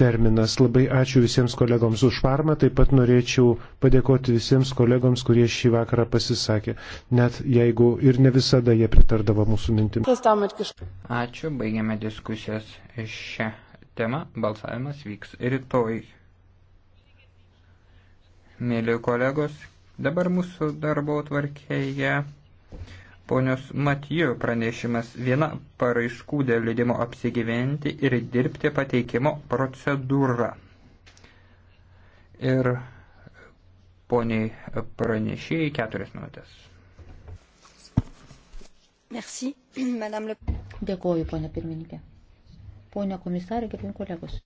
terminas. Labai ačiū visiems kolegoms už parmą, taip pat norėčiau padėkoti visiems kolegoms, kurie šį vakarą pasisakė, net jeigu ir ne visada jie pritardavo mūsų mintims. Ačiū, baigiame diskusijas šią temą, balsavimas vyks rytoj. Mėly kolegos, dabar mūsų darbo tvarkėje. Ponios Matijų pranešimas viena paraiškų dėl leidimo apsigyventi ir dirbti pateikimo procedūra. Ir poniai pranešėjai keturias minutės. Merci, madame Le... Dėkuoju, ponia pirmininkė. Ponia komisarė, gerbim kolegos.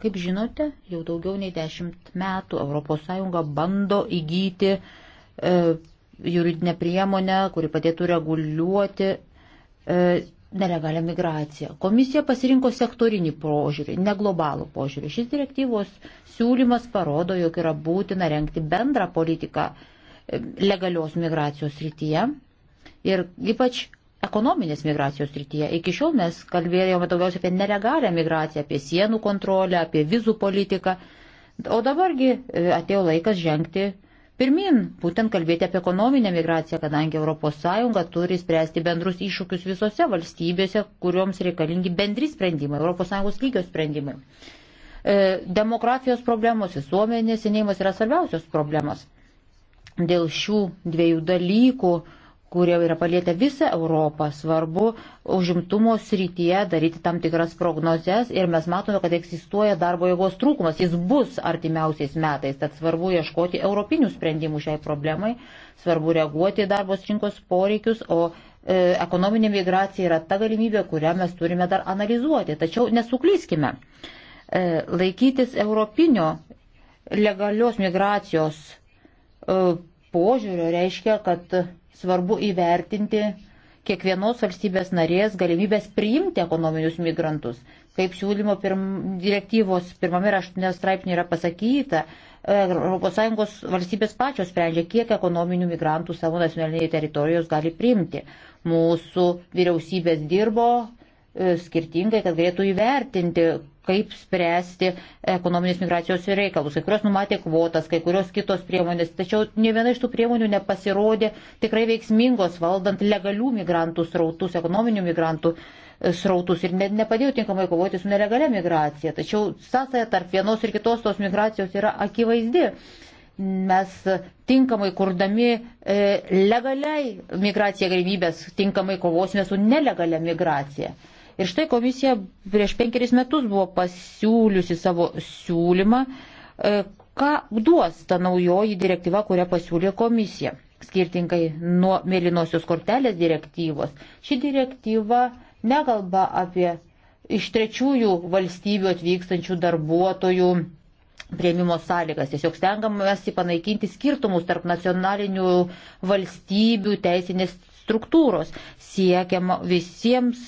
Kaip žinote, jau daugiau nei dešimt metų ES bando įgyti e, juridinę priemonę, kuri padėtų reguliuoti e, nelegalią migraciją. Komisija pasirinko sektorinį požiūrį, ne globalų požiūrį. Šis direktyvos siūlymas parodo, jog yra būtina renkti bendrą politiką e, legalios migracijos rytyje ir ypač ekonominės migracijos rytyje. Iki šiol mes kalbėjome daugiausiai apie nelegalią migraciją, apie sienų kontrolę, apie vizų politiką. O dabargi e, atėjo laikas žengti pirmin, būtent kalbėti apie ekonominę migraciją, kadangi ES turi spręsti bendrus iššūkius visose valstybėse, kurioms reikalingi bendri sprendimai, ES lygio sprendimai. E, demografijos problemos, visuomenės senėjimas yra svarbiausios problemos. Dėl šių dviejų dalykų uh, kurie yra palietę visą Europą. Svarbu užimtumo srityje daryti tam tikras prognozes ir mes matome, kad egzistuoja darbo jėgos trūkumas. Jis bus artimiausiais metais, tad svarbu ieškoti europinių sprendimų šiai problemai, svarbu reaguoti į darbos rinkos poreikius, o e, ekonominė migracija yra ta galimybė, kurią mes turime dar analizuoti. Tačiau nesuklyskime. E, laikytis europinio legalios migracijos e, požiūrio reiškia, kad svarbu įvertinti kiekvienos valstybės narės galimybės priimti ekonominius migrantus. Kaip siūlymo pirm, direktyvos pirmame ir aštuntame straipsnėje yra pasakyta, e, ES valstybės pačios sprendžia, kiek ekonominių migrantų savo nacionalinėje teritorijos gali priimti. Mūsų vyriausybės dirbo e, skirtingai, kad galėtų įvertinti, kaip spręsti ekonominės migracijos reikalus. Kai kurios numatė kvotas, kai kurios kitos priemonės, tačiau ne viena iš tų priemonių nepasirodė tikrai veiksmingos valdant legalių migrantų srautus, ekonominių migrantų e, srautus ir ne, nepadėjo tinkamai kovoti su nelegalia migracija. Tačiau sąsaja tarp vienos ir kitos tos migracijos yra akivaizdi mes tinkamai kurdami e, legaliai migraciją galimybės, tinkamai kovosime su nelegalia migracija. Ir štai komisija prieš penkeris metus buvo pasiūliusi savo siūlymą, e, ką duos ta naujoji direktyva, kurią pasiūlė komisija. Skirtingai nuo mėlynosios kortelės direktyvos, ši direktyva nekalba apie iš trečiųjų valstybių atvykstančių darbuotojų prieimimo sąlygas. Tiesiog stengiamasi panaikinti skirtumus tarp nacionalinių valstybių teisinės struktūros. Siekiama visiems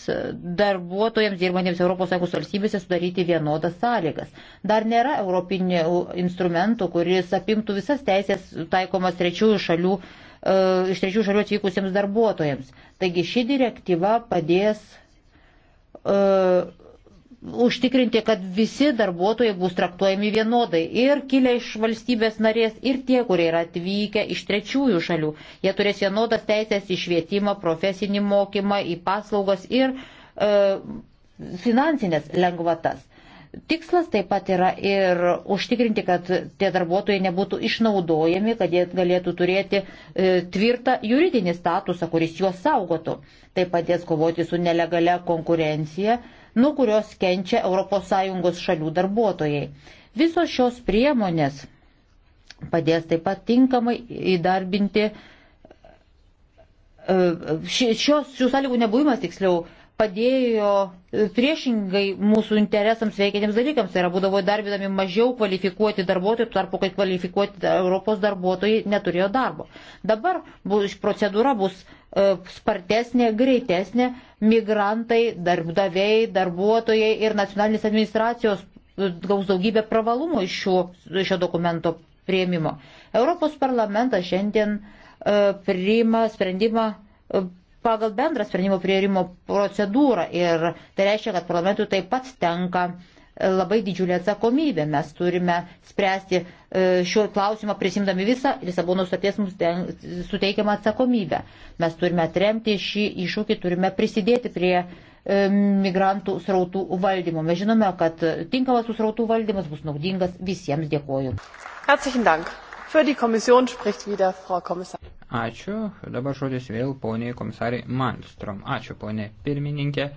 darbuotojams dirbantiems ES valstybėse sudaryti vienodas sąlygas. Dar nėra europinių instrumentų, kuris apimtų visas teisės taikomas trečiųjų šalių, e, iš trečiųjų šalių atvykusiems darbuotojams. Taigi ši direktyva padės. E, užtikrinti, kad visi darbuotojai bus traktuojami vienodai ir kilę iš valstybės narės, ir tie, kurie yra atvykę iš trečiųjų šalių. Jie turės vienodas teisės į švietimą, profesinį mokymą, į paslaugas ir e, finansinės lengvatas. Tikslas taip pat yra ir užtikrinti, kad tie darbuotojai nebūtų išnaudojami, kad jie galėtų turėti e, tvirtą juridinį statusą, kuris juos saugotų. Tai padės kovoti su nelegale konkurencija nuo kurios kenčia ES šalių darbuotojai. Visos šios priemonės padės taip pat tinkamai įdarbinti e, šios, šių sąlygų nebuvimas tiksliau padėjo priešingai mūsų interesams veikiantiems dalykams. Tai yra būdavo darbinami mažiau kvalifikuoti darbuotojai, tarpu, kai kvalifikuoti Europos darbuotojai neturėjo darbo. Dabar bus, procedūra bus E, spartesnė, greitesnė, migrantai, darbdaviai, darbuotojai ir nacionalinės administracijos e, gaus daugybę pravalumų iš šio, šio dokumento prieimimo. Europos parlamentas šiandien e, priima sprendimą pagal bendrą sprendimo prieimimo procedūrą ir tai reiškia, kad parlamentui taip pat tenka labai didžiulė atsakomybė. Mes turime spręsti E, šiuo klausimą prisimdami visą Lisabonos sutarties mums suteikiamą atsakomybę. Mes turime atremti šį iššūkį, turime prisidėti prie e, migrantų srautų valdymo. Mes žinome, kad tinkamas srautų valdymas bus naudingas visiems. Dėkoju. Ačiū. Dabar žodis vėl poniai komisariai Malmstrom. Ačiū, ponė pirmininkė.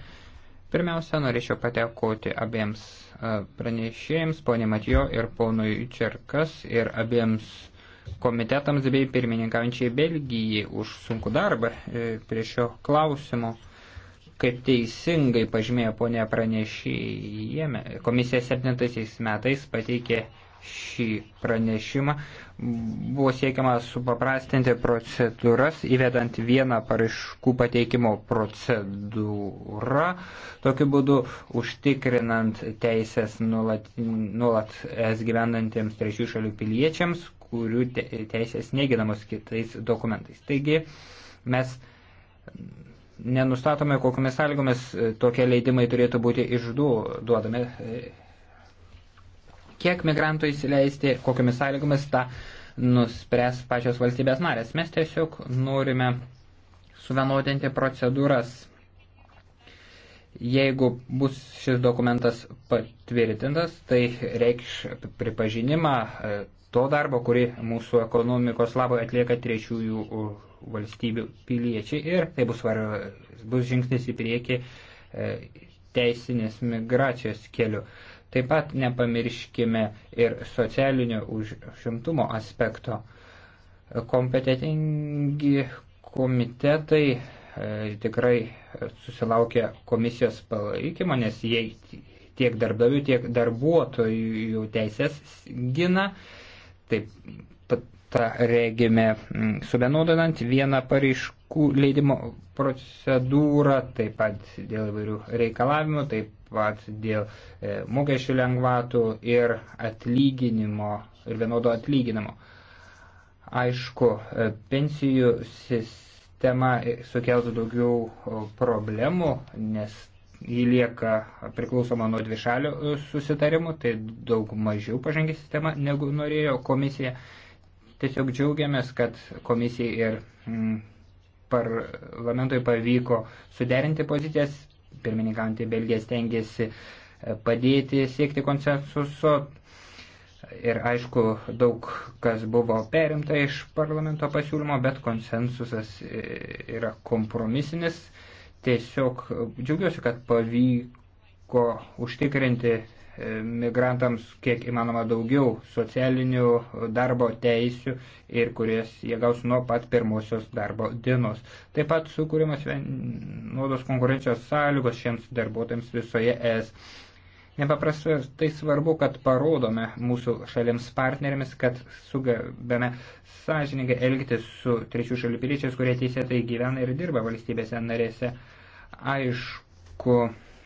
Pirmiausia, norėčiau patekoti abiems pranešėjams, ponė Matijo ir ponui Čerkas ir abiems komitetams bei pirmininkaujančiai Belgijai už sunku darbą e, prie šio klausimo. Kaip teisingai pažymėjo ponė pranešėjame, komisija 7 metais pateikė šį pranešimą. Buvo siekiama supaprastinti procedūras, įvedant vieną paraiškų pateikimo procedūrą, tokiu būdu užtikrinant teisės nuolat, nuolat es gyvenantiems trečių šalių piliečiams, kurių teisės neginamos kitais dokumentais. Taigi mes nenustatome, kokiamis sąlygomis tokie leidimai turėtų būti išduodami kiek migrantų įsileisti, kokiamis sąlygomis tą nuspręs pačios valstybės narės. Mes tiesiog norime suvienodinti procedūras. Jeigu bus šis dokumentas patvirtintas, tai reikš pripažinimą e, to darbo, kurį mūsų ekonomikos labai atlieka trečiųjų valstybių piliečiai ir tai bus, var, bus žingsnis į priekį e, teisinės migracijos keliu. Taip pat nepamirškime ir socialinio užimtumo aspekto. Kompetitingi komitetai e, tikrai susilaukia komisijos palaikymo, nes jie tiek darbdavių, tiek darbuotojų teisės gina. Taip pat regime suvienodinant vieną pareiškų leidimo procedūrą, taip pat dėl įvairių reikalavimų, taip pat dėl e, mokesčių lengvatų ir atlyginimo ir vienodo atlyginimo. Aišku, e, pensijų sistema sukeltų daugiau problemų, nes jį lieka priklausoma nuo dvišalių e, susitarimų, tai daug mažiau pažangi sistema negu norėjo komisija. Tiesiog džiaugiamės, kad komisijai ir mm, parlamentui pavyko suderinti pozicijas pirmininkantį Belgiją stengiasi e, padėti siekti konsensuso. Ir aišku, daug kas buvo perimta iš parlamento pasiūlymo, bet konsensusas e, yra kompromisinis. Tiesiog džiaugiuosi, kad pavyko užtikrinti migrantams kiek įmanoma daugiau socialinių darbo teisių ir kurias jie gaus nuo pat pirmosios darbo dienos. Taip pat sukūrimas vienodos konkurencijos sąlygos šiems darbuotojams visoje ES. Nepaprastai tai svarbu, kad parodome mūsų šalims partnerėmis, kad sugebame sąžininkai elgtis su trečių šalių piliečiais, kurie teisėtai gyvena ir dirba valstybėse narėse. Aišku,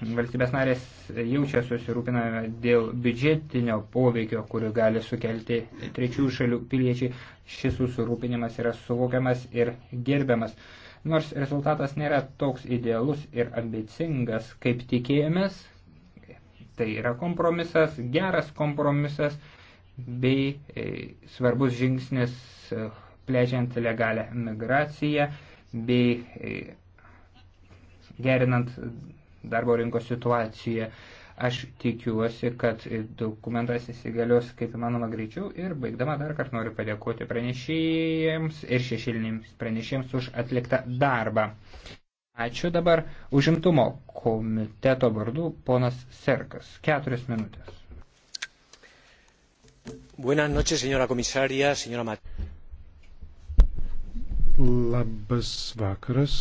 valstybės narės jaučia susirūpinamą dėl biudžetinio poveikio, kurį gali sukelti trečiųjų šalių piliečiai. Šis susirūpinimas yra suvokiamas ir gerbiamas. Nors rezultatas nėra toks idealus ir ambicingas, kaip tikėjomės, tai yra kompromisas, geras kompromisas bei e, svarbus žingsnis e, plečiant legalią migraciją bei e, gerinant darbo rinkos situaciją. Aš tikiuosi, kad dokumentas įsigalios kaip įmanoma greičiau ir baigdama dar kartą noriu padėkoti pranešėjams ir šešilinims pranešėjams už atliktą darbą. Ačiū dabar užimtumo komiteto vardu ponas Serkas. Keturias minutės. Buenas noches, señora komisarija, señora Mat. Labas vakaras,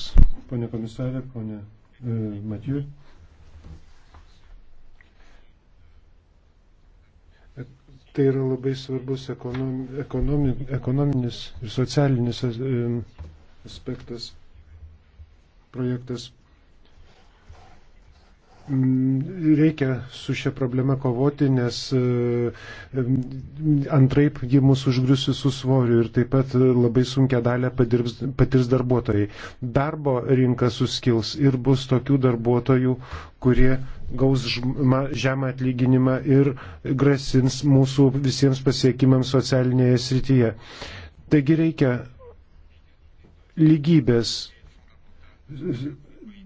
ponė komisarė, ponė E, Mathieu. Tai yra labai svarbus ekonominis ir socialinis e, aspektas, projektas Mm, reikia su šia problema kovoti, nes e, antraip ji mus užgrius visų svorių ir taip pat labai sunkia dalę padirbs, patirs darbuotojai. Darbo rinka suskils ir bus tokių darbuotojų, kurie gaus žma, žemą atlyginimą ir grasins mūsų visiems pasiekimams socialinėje srityje. Taigi reikia lygybės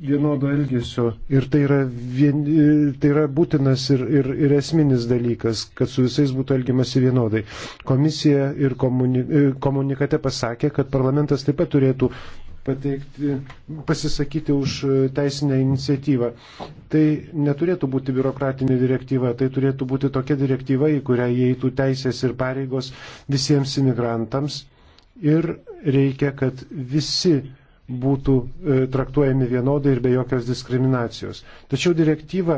vienodo elgesio. Ir tai yra, vien, e, tai yra būtinas ir, ir, ir esminis dalykas, kad su visais būtų elgiamasi vienodai. Komisija ir komuni, e, komunikate pasakė, kad parlamentas taip pat turėtų pateikti, pasisakyti už e, teisinę iniciatyvą. Tai neturėtų būti biurokratinė direktyva, tai turėtų būti tokia direktyva, į kurią įeitų teisės ir pareigos visiems imigrantams. Ir reikia, kad visi būtų e, traktuojami vienodai ir be jokios diskriminacijos. Tačiau direktyva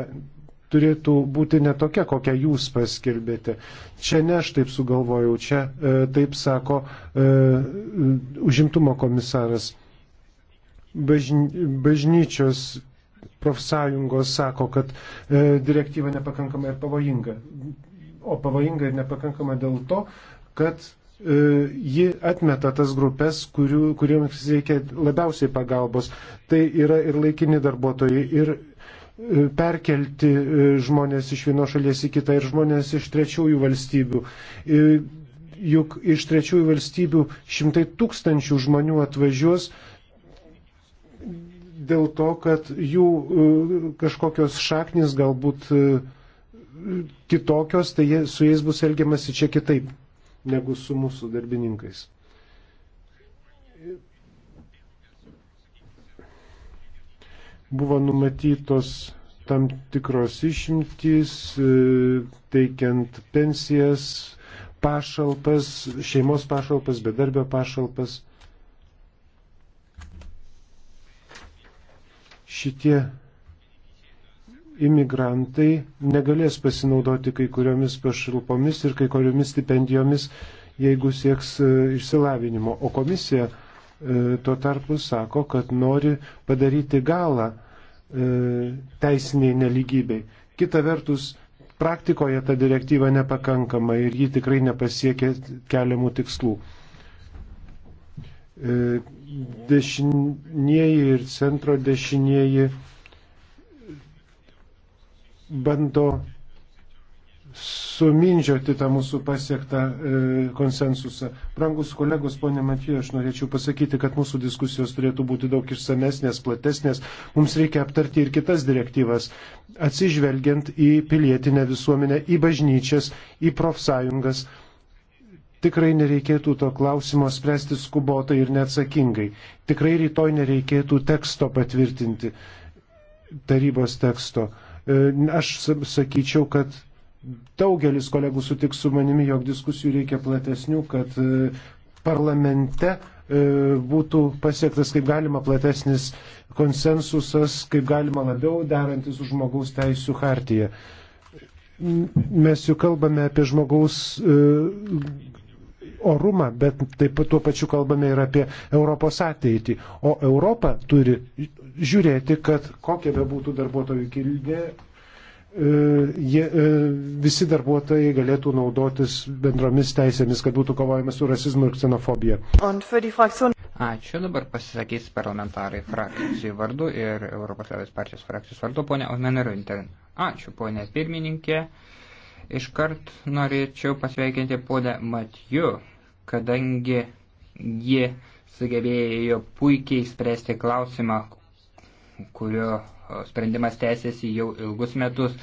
turėtų būti netokia, kokią jūs paskelbėte. Čia ne aš taip sugalvojau, čia e, taip sako e, užimtumo komisaras. Bažny, bažnyčios profsąjungos sako, kad e, direktyva nepakankama ir pavojinga. O pavojinga ir nepakankama dėl to, kad E, ji atmeta tas grupės, kurių, kuriems reikia labiausiai pagalbos. Tai yra ir laikini darbuotojai, ir e, perkelti e, žmonės iš vienos šalies į kitą, ir žmonės iš trečiųjų valstybių. Juk iš trečiųjų valstybių šimtai tūkstančių žmonių atvažiuos dėl to, kad jų kažkokios šaknis galbūt kitokios, tai su jais bus elgiamasi čia kitaip negu su mūsų darbininkais. Buvo numatytos tam tikros išimtys, e, teikiant pensijas, pašalpas, šeimos pašalpas, bedarbio pašalpas. Šitie imigrantai negalės pasinaudoti kai kuriomis pašalpomis ir kai kuriomis stipendijomis, jeigu sieks e, išsilavinimo. O komisija e, tuo tarpu sako, kad nori padaryti galą e, teisiniai neligybei. Kita vertus, praktikoje ta direktyva nepakankama ir ji tikrai nepasiekia keliamų tikslų. Dešinieji ir centro dešinieji bando sumindžioti tą mūsų pasiektą e, konsensusą. Brangus kolegos, ponė Matijo, aš norėčiau pasakyti, kad mūsų diskusijos turėtų būti daug išsamesnės, platesnės. Mums reikia aptarti ir kitas direktyvas, atsižvelgiant į pilietinę visuomenę, į bažnyčias, į profsąjungas. Tikrai nereikėtų to klausimo spręsti skubotai ir neatsakingai. Tikrai rytoj nereikėtų teksto patvirtinti, tarybos teksto. E, aš sakyčiau, kad daugelis kolegų sutiks su manimi, jog diskusijų reikia platesnių, kad e, parlamente e, būtų pasiektas kaip galima platesnis konsensusas, kaip galima labiau derantis už žmogaus teisų hartiją. Mes jau kalbame apie žmogaus orumą, bet taip pat tuo pačiu kalbame ir apie Europos ateitį. O Europa turi žiūrėti, kad kokia bebūtų darbuotojų kilmė, e, jie, e, visi darbuotojai galėtų naudotis bendromis teisėmis, kad būtų kovojama su rasizmu ir ksenofobija. Ačiū, dabar pasisakys parlamentarai frakcijų vardu ir Europos Liaudės partijos frakcijos vardu, ponia Omener Intern. Ačiū, ponia pirmininkė. Iškart norėčiau pasveikinti ponę Matiju, kadangi ji sugebėjo puikiai spręsti klausimą, kurio e, sprendimas tęsiasi jau ilgus metus.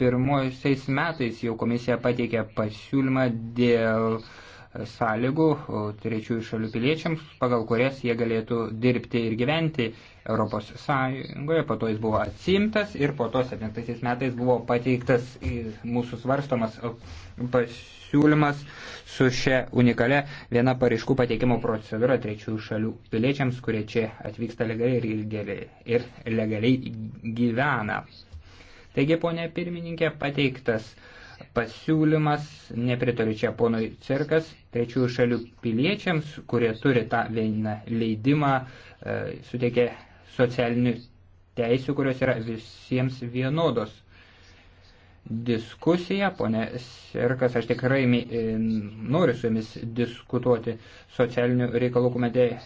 Pirmuosiais metais jau komisija pateikė pasiūlymą dėl uh, sąlygų trečiųjų šalių piliečiams, pagal kurias jie galėtų dirbti ir gyventi Europos Sąjungoje, po to jis buvo atsimtas ir po to 17 metais buvo pateiktas mūsų svarstomas pasiūlymas su šia unikale viena pareiškų pateikimo procedūra trečiųjų šalių piliečiams, kurie čia atvyksta legaliai ir, geriai, ir legaliai gyvena. Taigi, ponė pirmininkė, pateiktas uh, pasiūlymas, nepritariu čia ponui cirkas, trečiųjų šalių piliečiams, kurie turi tą vieną leidimą, e, suteikia socialinių teisių, kurios yra visiems vienodos. Diskusija, ponė Sirkas, aš tikrai e, noriu su jumis diskutuoti. Socialinių reikalų komitė e,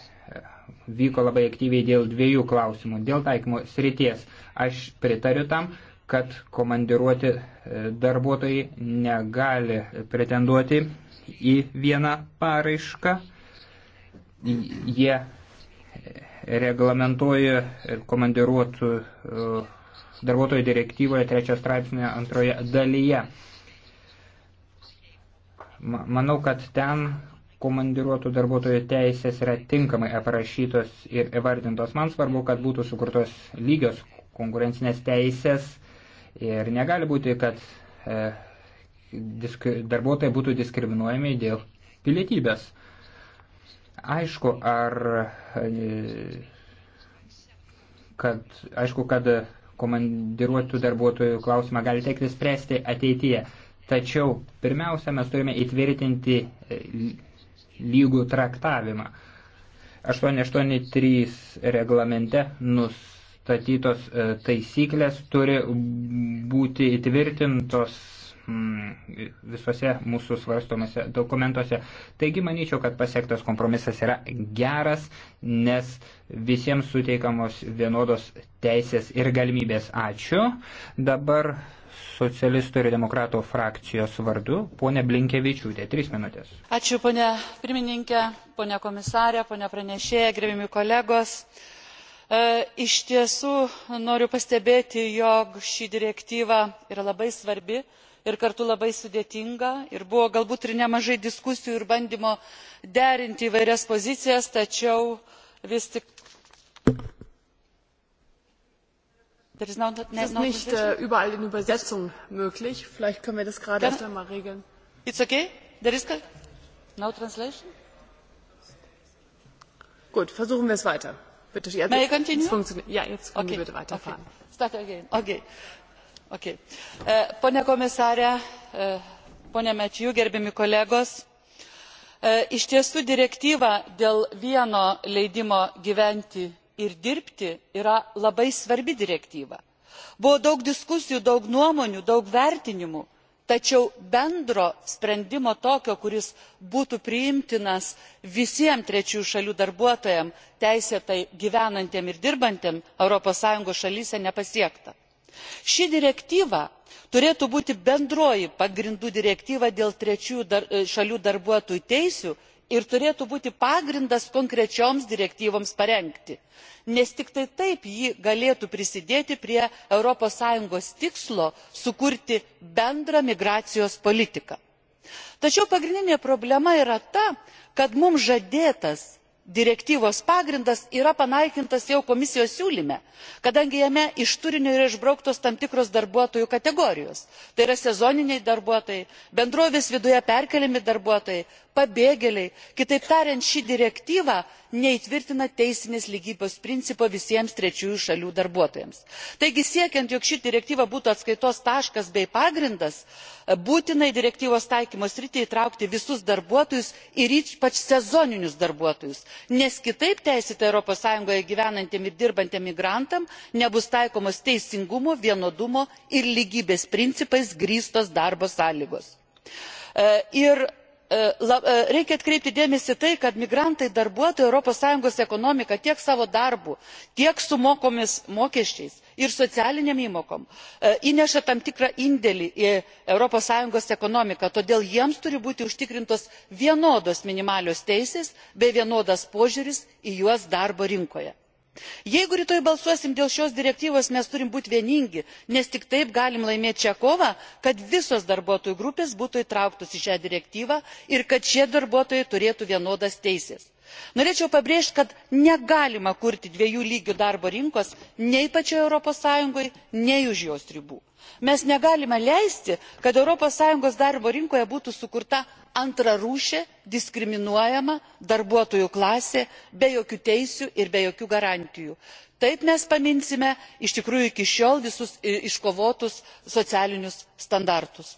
vyko labai aktyviai dėl dviejų klausimų. Dėl taikymo srities aš pritariu tam, kad komandiruoti e, darbuotojai negali pretenduoti į vieną paraišką. Jie e, reglamentuoja komandiruotų e, darbuotojų direktyvoje trečio straipsnio antroje dalyje. Manau, kad ten komandiruotų darbuotojų teisės yra tinkamai aprašytos ir įvardintos. Man svarbu, kad būtų sukurtos lygios konkurencinės teisės Ir negali būti, kad e, disk, darbuotojai būtų diskriminuojami dėl pilietybės. Aišku, ar, e, kad, aišku, kad komandiruotų darbuotojų klausimą gali tekti spręsti ateityje. Tačiau pirmiausia, mes turime įtvirtinti e, lygų traktavimą. 883 reglamente nus nustatytos e, taisyklės turi būti įtvirtintos mm, visuose mūsų svarstomose dokumentuose. Taigi manyčiau, kad pasiektas kompromisas yra geras, nes visiems suteikamos vienodos teisės ir galimybės. Ačiū. Dabar socialistų ir demokratų frakcijos vardu ponė Blinkevičiūtė. Tris minutės. Ačiū ponė pirmininkė, ponė komisarė, ponė pranešėja, gerbimi kolegos. E, iš tiesų noriu pastebėti jog ši direktyva yra labai svarbi ir kartu labai sudėtinga ir buvo galbūt ir nemažai diskusijų ir bandymų derinti įvairias pozicijas tačiau vis tik Es ist nicht äh, überall in Übersetzung möglich. Vielleicht können wir das gerade erst einmal regeln. It's okay? There is no translation? Gut, versuchen wir es weiter. Bitte, ja, May I continue? Ja, jetzt können okay. wir bitte weiterfahren. Okay. Start again. Okay. Okay. Äh, pone komisarė, äh, pone Mečių, gerbiami kolegos, äh, iš tiesų direktyva dėl vieno leidimo gyventi ir dirbti yra labai svarbi direktyva. Buvo daug diskusijų, daug nuomonių, daug vertinimų tačiau bendro sprendimo tokio kuris būtų priimtinas visiems trečiųjų šalių darbuotojams teisėtai gyvenantiems ir dirbantiems europos sąjungos šalyse nepasiekta. ši direktyva turėtų būti bendroji pagrindų direktyva dėl trečiųjų e, šalių darbuotojų teisių ir turėtų būti pagrindas konkrečioms direktyvoms parengti nes tik tai taip ji galėtų prisidėti prie europos sąjungos tikslo sukurti bendrą migracijos politiką. tačiau pagrindinė problema yra ta kad mums žadėtas direktyvos pagrindas yra panaikintas jau komisijos siūlyme kadangi jame iš turinio yra išbrauktos tam tikros darbuotojų kategorijos tai yra sezoniniai darbuotojai bendrovės viduje perkeliami darbuotojai pabėgėliai kitaip tariant ši direktyva neįtvirtina teisinės lygybės principo visiems trečiųjų šalių darbuotojams. taigi siekiant jog ši direktyva būtų atskaitos taškas bei pagrindas būtina į direktyvos taikymo sritį įtraukti visus darbuotojus ir ypač sezoninius darbuotojus nes kitaip teisėtai europos sąjungoje gyvenantiems ir dirbantiems migrantams nebus taikomos teisingumo vienodumo ir lygybės principais grįstos darbo sąlygos. E, e, e, reikia atkreipti dėmesį į tai kad migrantai darbuotojai europos sąjungos ekonomiką tiek savo darbu tiek sumokamais mokesčiais ir socialinėm įmokom e, įneša tam tikrą indėlį į es ekonomiką todėl jiems turi būti užtikrintos vienodos minimalios teisės bei vienodas požiūris į juos darbo rinkoje. jeigu rytoj balsuosime dėl šios direktyvos mes turime būti vieningi nes tik taip galime laimėti šią kovą kad visos darbuotojų grupės būtų įtrauktos į šią direktyvą ir kad šie darbuotojai turėtų vienodas teises norėčiau pabrėžti kad negalima kurti dviejų lygių darbo rinkos nei pačioje europos sąjungoje nei už jos ribų. mes negalime leisti kad europos sąjungos darbo rinkoje būtų sukurta antrarūšė diskriminuojama darbuotojų klasė be jokių teisių ir be jokių garantijų. taip mes paminsime iš tikrųjų iki šiol visus iškovotus socialinius standartus.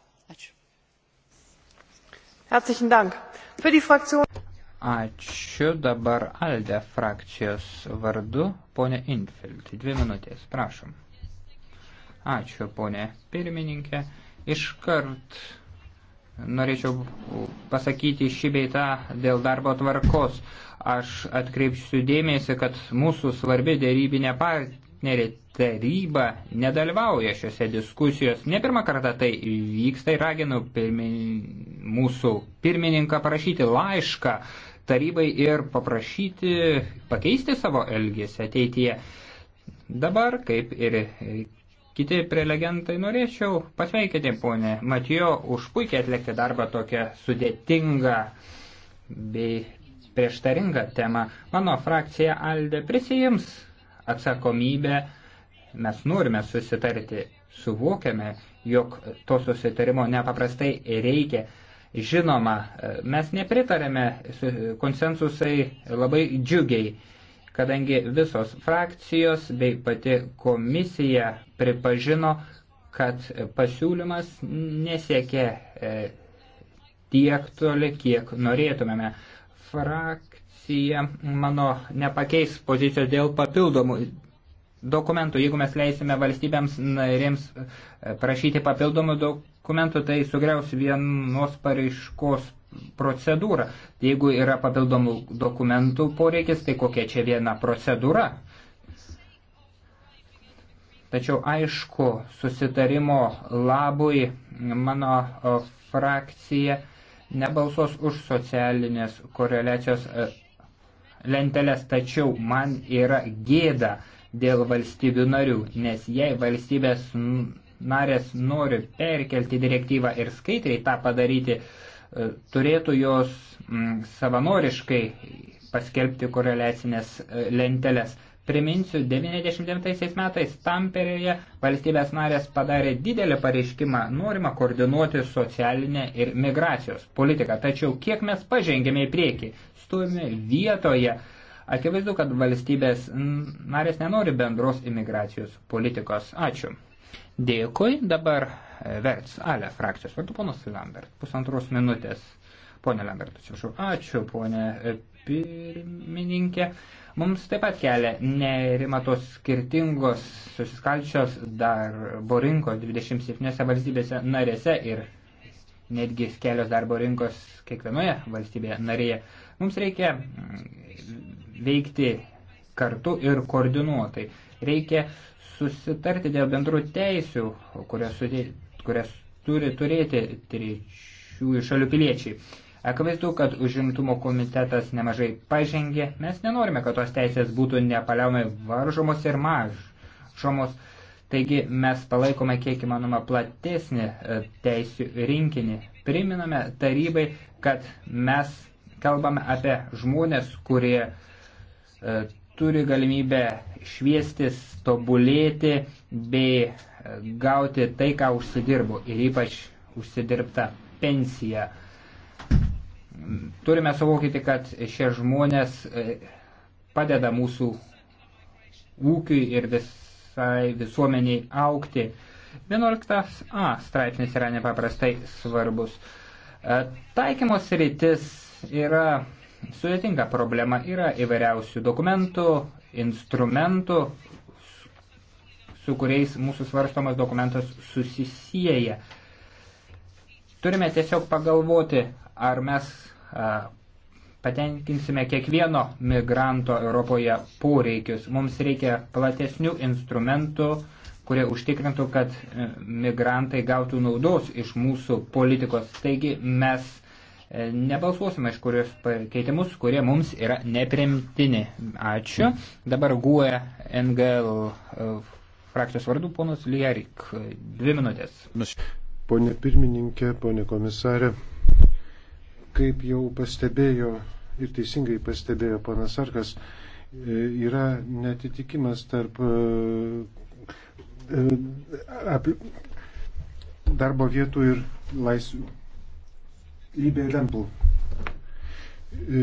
Ačiū dabar Alde frakcijos vardu, ponė Infield. Dvi minutės, prašom. Ačiū, ponė pirmininkė. Iškart norėčiau pasakyti šį beitą dėl darbo tvarkos. Aš atkreipsiu dėmesį, kad mūsų svarbi dėrybinė partnerė taryba nedalyvauja šiuose diskusijos. Ne pirmą kartą tai vyksta ir raginu pirmin... mūsų pirmininką parašyti laišką tarybai ir paprašyti pakeisti savo elgesį ateityje. Dabar, kaip ir kiti prelegentai, norėčiau pasveikinti ponę Matijo už puikiai atlikti darbą tokią sudėtingą bei prieštaringą temą. Mano frakcija Alde prisijims atsakomybę, mes norime susitarti, suvokiame, jog to susitarimo nepaprastai reikia. Žinoma, mes nepritarėme konsensusai labai džiugiai, kadangi visos frakcijos bei pati komisija pripažino, kad pasiūlymas nesiekė e, tiek toli, kiek norėtumėme. Frakcija mano nepakeis pozicijos dėl papildomų dokumentų. Jeigu mes leisime valstybėms narėms e, prašyti papildomų dokumentų, dokumentų, tai sugriaus vienos pareiškos procedūrą. Jeigu yra papildomų dokumentų poreikis, tai kokia čia viena procedūra? Tačiau aišku, susitarimo labui mano frakcija nebalsos už socialinės koreliacijos e, lentelės, tačiau man yra gėda dėl valstybių narių, nes jei valstybės narės nori perkelti direktyvą ir skaidriai tą padaryti, e, turėtų jos mm, savanoriškai paskelbti koreliacinės e, lenteles. Priminsiu, 99 metais Tamperėje valstybės narės padarė didelį pareiškimą norima koordinuoti socialinę ir migracijos politiką. Tačiau kiek mes pažengėme į priekį, stovime vietoje. Akivaizdu, kad valstybės narės nenori bendros imigracijos politikos. Ačiū. Dėkui, dabar e, verts Ale frakcijos vardu ponas Lambert, pusantros minutės. Pone Lambert, atsiprašau, ačiū, ponė e, pirmininkė. Mums taip pat kelia nerima tos skirtingos susiskaldžios darbo rinkos 27 valstybėse narėse ir netgi kelios darbo rinkos kiekvienoje valstybėje narėje. Mums reikia mm, veikti kartu ir koordinuotai. Reikia susitarti dėl bendrų teisių, kurias, kurias turi turėti trečiųjų šalių piliečiai. Akivaizdu, kad užimtumo komitetas nemažai pažengė. Mes nenorime, kad tos teisės būtų nepaliaumai varžomos ir mažomos. Taigi mes palaikome kiek įmanoma platesnį e, teisių rinkinį. Priminame tarybai, kad mes kalbame apie žmonės, kurie e, turi galimybę šviestis, tobulėti bei gauti tai, ką užsidirbo ir ypač užsidirbta pensija. Turime suvokyti, kad šie žmonės e, padeda mūsų ūkiui ir visai visuomeniai aukti. 11a straipsnis yra nepaprastai svarbus. E, taikymos rytis yra sudėtinga problema. Yra įvairiausių dokumentų, instrumentų, su kuriais mūsų svarstomas dokumentas susisieja. Turime tiesiog pagalvoti, ar mes a, patenkinsime kiekvieno migranto Europoje poreikius. Mums reikia platesnių instrumentų, kurie užtikrintų, kad e, migrantai gautų naudos iš mūsų politikos. Taigi mes E, nebalsuosime iš kurios pakeitimus, kurie mums yra neprimtini. Ačiū. Dabar guoja e, NGL e, frakcijos vardu ponas Lijarik. Dvi minutės. Pone pirmininkė, pone komisarė, kaip jau pastebėjo ir teisingai pastebėjo ponas Arkas, yra netitikimas tarp darbo vietų ir laisvių Lybė ir Lempl. E,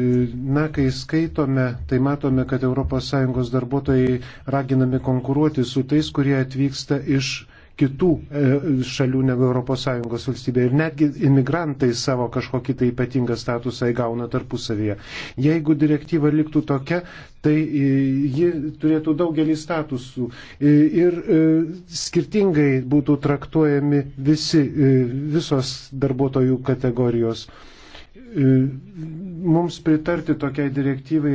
na, kai skaitome, tai matome, kad ES darbuotojai raginami konkuruoti su tais, kurie atvyksta iš kitų e, šalių negu ES valstybė ir netgi imigrantai savo kažkokį tai ypatingą statusą įgauna tarpusavyje. Jeigu direktyva liktų tokia, tai e, ji turėtų daugelį statusų e, ir skirtingai būtų traktuojami visi, visos darbuotojų kategorijos. E, mums pritarti tokiai direktyvai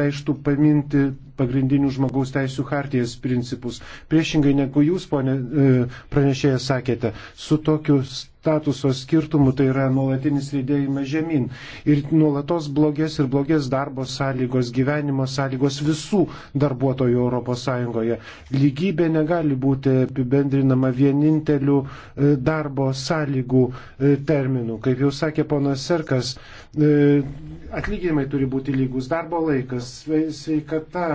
leistų paminti pagrindinių žmogaus teisų hartijas principus. Priešingai negu jūs, ponė, e, pranešėjas, sakėte, su tokius statuso skirtumų, tai yra nuolatinis lydėjimas žemyn. Ir nuolatos blogės ir blogės darbo sąlygos, gyvenimo sąlygos visų darbuotojų ES. Lygybė negali būti apibendrinama vieninteliu e, darbo sąlygų e, terminu. Kaip jau sakė ponas Serkas, e, atlyginimai turi būti lygus, darbo laikas, sveikata,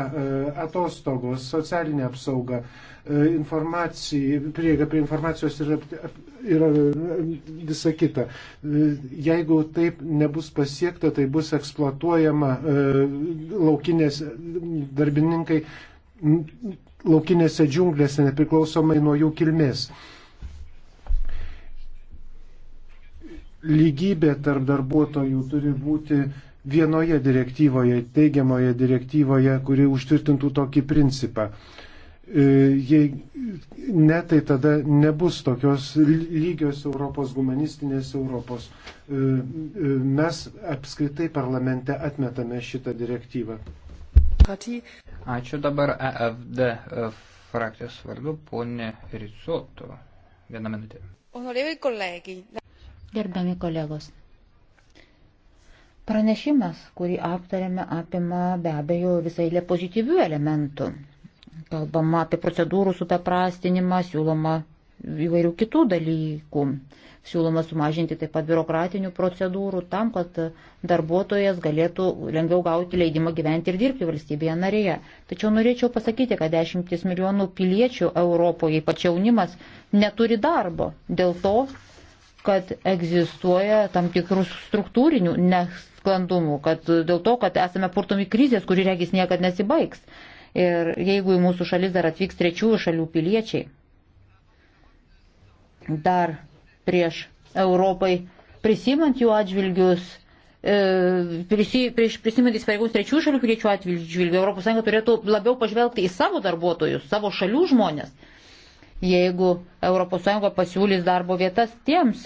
atostogos, socialinė apsauga E, informacija, prieiga prie informacijos ir, ir visa kita. E, jeigu taip nebus pasiekta, tai bus eksploatuojama e, laukinės darbininkai laukinėse džiunglėse, nepriklausomai nuo jų kilmės. Lygybė tarp darbuotojų turi būti vienoje direktyvoje, teigiamoje direktyvoje, kuri užtvirtintų tokį principą. E, jei ne, tai tada nebus tokios lygios Europos, humanistinės Europos. E, e, mes apskritai parlamente atmetame šitą direktyvą. Ačiū dabar EFD frakcijos vardu, ponė Risoto. Vieną minutę. Gerbiami kolegos. Pranešimas, kurį aptarėme, apima be abejo visai lė pozityvių elementų kalbama apie procedūrų supaprastinimą, siūloma įvairių kitų dalykų. Siūloma sumažinti taip pat biurokratinių procedūrų tam, kad darbuotojas galėtų lengviau gauti leidimą gyventi ir dirbti valstybėje narėje. Tačiau norėčiau pasakyti, kad dešimtis milijonų piliečių Europoje, ypač jaunimas, neturi darbo dėl to, kad egzistuoja tam tikrų struktūrinių nesklandumų, kad dėl to, kad esame purtomi krizės, kuri regis niekada nesibaigs. Ir jeigu į mūsų šalis dar atvyks trečiųjų šalių piliečiai, dar prieš Europai prisimant jų atžvilgius, e, prisi, prieš prisimant įsipareigus trečiųjų šalių piliečių atžvilgių, ES turėtų labiau pažvelgti į savo darbuotojus, savo šalių žmonės. Jeigu ES pasiūlys darbo vietas tiems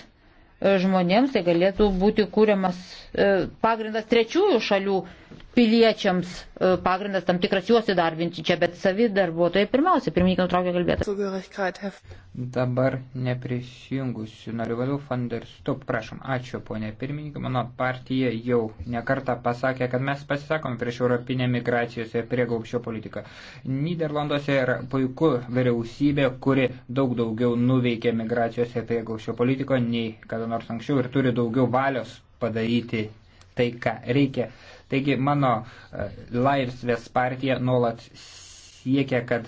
e, žmonėms, tai galėtų būti kūriamas e, pagrindas trečiųjų šalių piliečių piliečiams e, pagrindas tam tikras juos įdarbinti čia, bet savi darbuotojai pirmiausia, pirmininkai nutraukė kalbėti. Dabar neprisijungusių narių vadovų Fanderstup, prašom, ačiū ponė pirmininkai, mano partija jau nekarta pasakė, kad mes pasisakom prieš europinę migracijos ir priegaupščio politiką. Niderlanduose yra puiku vyriausybė, kuri daug daugiau nuveikė migracijos ir priegaupščio politiko nei kada nors anksčiau ir turi daugiau valios padaryti tai, ką reikia. Taigi mano e, Laisvės partija nuolat siekia, kad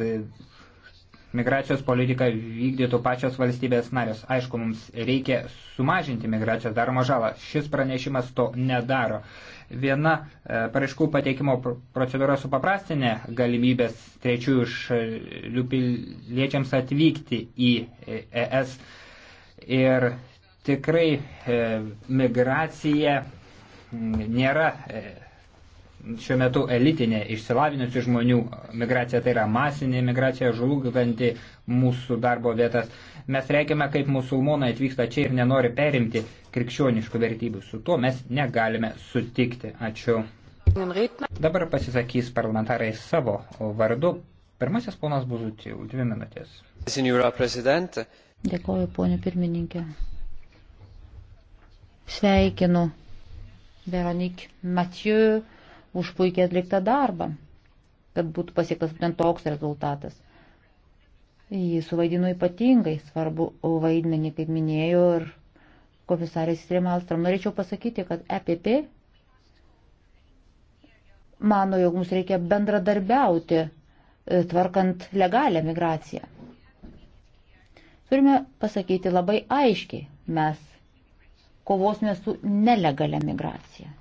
migracijos politiką vykdytų pačios valstybės narės. Aišku, mums reikia sumažinti migracijos daromą žalą. Šis pranešimas to nedaro. Viena e, paraiškų pateikimo procedūra supaprastinė galimybės trečiųjų šalių piliečiams atvykti į ES. E Ir tikrai migracija nėra šiuo metu elitinė išsilavinusių žmonių migracija, tai yra masinė migracija, žlugdanti mūsų darbo vietas. Mes reikime, kaip musulmonai atvyksta čia ir nenori perimti krikščioniškų vertybių. Su tuo mes negalime sutikti. Ačiū. Dabar pasisakys parlamentarai savo vardu. Pirmasis ponas Buzutį, dvi minutės. Dėkoju, ponė pirmininkė. Sveikinu Veronik Matijų už puikiai atliktą darbą, kad būtų pasiektas būtent toks rezultatas. Jį suvaidino ypatingai svarbu vaidmenį, kaip minėjau, ir komisarės Stremalstrom. Norėčiau pasakyti, kad EPP mano, jog mums reikia bendradarbiauti, e, tvarkant legalią migraciją. Turime pasakyti labai aiškiai, mes kovosime su nelegalia migracija.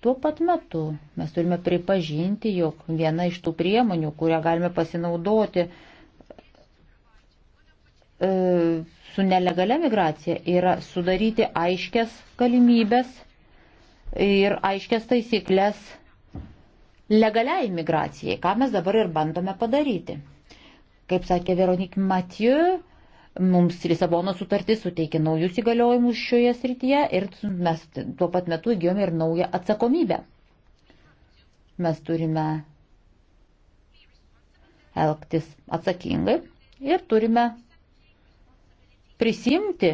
Tuo pat metu mes turime pripažinti, jog viena iš tų priemonių, kurią galime pasinaudoti e, su nelegalia migracija, yra sudaryti aiškias galimybės ir aiškias taisyklės legaliai migracijai, ką mes dabar ir bandome padaryti. Kaip sakė Veronik Matijų, Mums Lisabono sutartis suteikė naujus įgaliojimus šioje srityje ir mes tuo pat metu įgijome ir naują atsakomybę. Mes turime elgtis atsakingai ir turime prisimti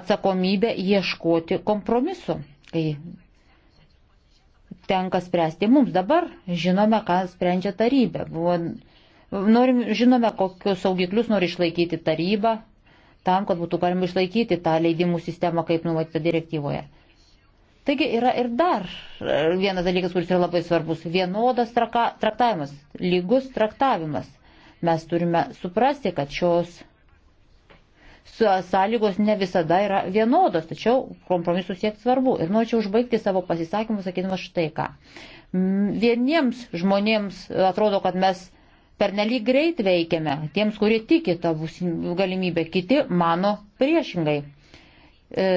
atsakomybę ieškoti kompromisu, kai tenka spręsti mums dabar, žinome, ką sprendžia tarybė. Buvo Norim, žinome, kokius saugiklius nori išlaikyti taryba, tam, kad būtų galima išlaikyti tą leidimų sistemą, kaip numatyta direktyvoje. Taigi yra ir dar e, vienas dalykas, kuris yra labai svarbus - vienodas traka, traktavimas, lygus traktavimas. Mes turime suprasti, kad šios sąlygos ne visada yra vienodos, tačiau kompromisų siekti svarbu. Ir norėčiau užbaigti savo pasisakymą, sakydamas štai ką. Vieniems žmonėms atrodo, kad mes pernelyg greit veikiame, tiems, kurie tiki tą galimybę, kiti mano priešingai. E,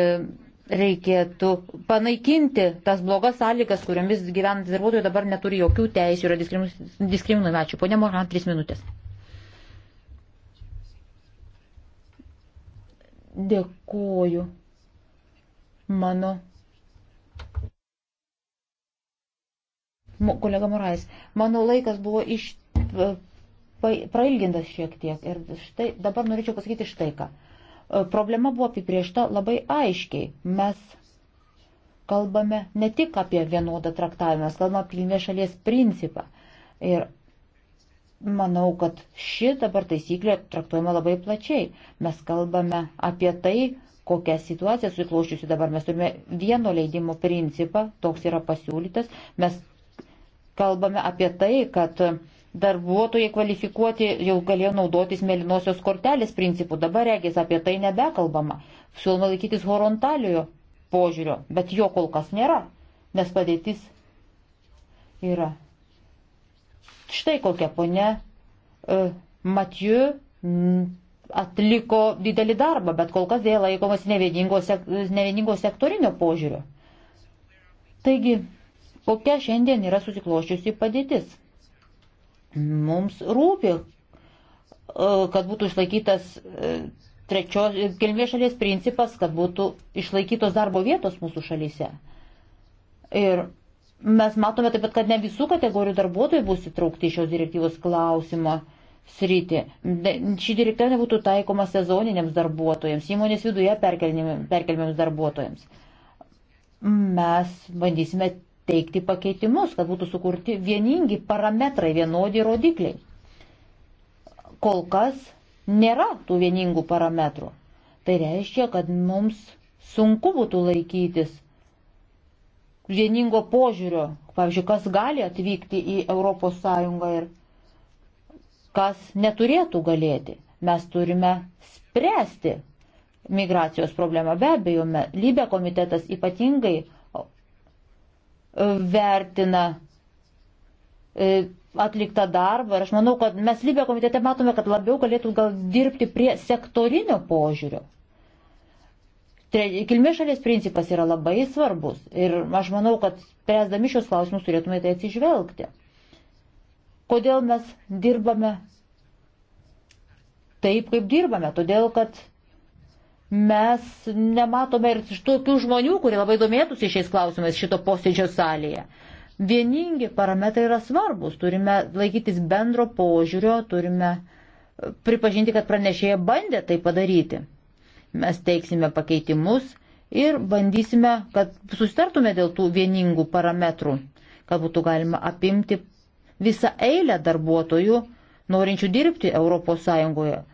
reikėtų panaikinti tas blogas sąlygas, kuriomis gyvenantys darbuotojai dabar neturi jokių teisų, yra diskriminuojami. Ačiū. Pone Moran, trys minutės. Dėkuoju. Mano. Kolega Morais, mano laikas buvo iš prailgintas šiek tiek. Ir štai dabar norėčiau pasakyti štai ką. E, problema buvo apibriešta labai aiškiai. Mes kalbame ne tik apie vienodą traktavimą, mes kalbame apie kilmės šalies principą. Ir manau, kad ši dabar taisyklė traktuojama labai plačiai. Mes kalbame apie tai, kokią situaciją susikloščiusi dabar. Mes turime vieno leidimo principą, toks yra pasiūlytas. Mes kalbame apie tai, kad darbuotojai kvalifikuoti jau galėjo naudotis mėlynosios kortelės principu. Dabar regis apie tai nebekalbama. Siūloma laikytis horontaliojo požiūrio, bet jo kol kas nėra, nes padėtis yra. Štai kokia ponia uh, e, Matiju atliko didelį darbą, bet kol kas dėl laikomas nevieningo, sek, nevieningo sektorinio požiūrio. Taigi, kokia šiandien yra susikloščiusi padėtis? Mums rūpi, e, kad būtų išlaikytas e, trečios kilmės šalies principas, kad būtų išlaikytos darbo vietos mūsų šalyse. Ir mes matome taip pat, kad ne visų kategorijų darbuotojai bus įtraukti šios direktyvos klausimo sritį. Ši direktyva nebūtų taikoma sezoniniams darbuotojams, įmonės viduje perkelimiams darbuotojams. Mes bandysime teikti pakeitimus, kad būtų sukurti vieningi parametrai, vienodi rodikliai. Kol kas nėra tų vieningų parametrų. Tai reiškia, kad mums sunku būtų laikytis vieningo požiūrio, pavyzdžiui, kas gali atvykti į ES ir kas neturėtų galėti. Mes turime spręsti migracijos problemą. Be abejo, Lybė komitetas ypatingai vertina e, atliktą darbą. Ir aš manau, kad mes Libė komitete matome, kad labiau galėtų gal dirbti prie sektorinio požiūrio. Kilmės šalies principas yra labai svarbus ir aš manau, kad spręsdami šios klausimus turėtume tai atsižvelgti. Kodėl mes dirbame taip, kaip dirbame? Todėl, kad mes nematome ir tokių žmonių, kurie labai domėtųsi šiais klausimais šito posėdžio salėje. Vieningi parametrai yra svarbus, turime laikytis bendro požiūrio, turime pripažinti, kad pranešėja bandė tai padaryti. Mes teiksime pakeitimus ir bandysime, kad sustartume dėl tų vieningų parametrų, kad būtų galima apimti visą eilę darbuotojų, norinčių dirbti ES.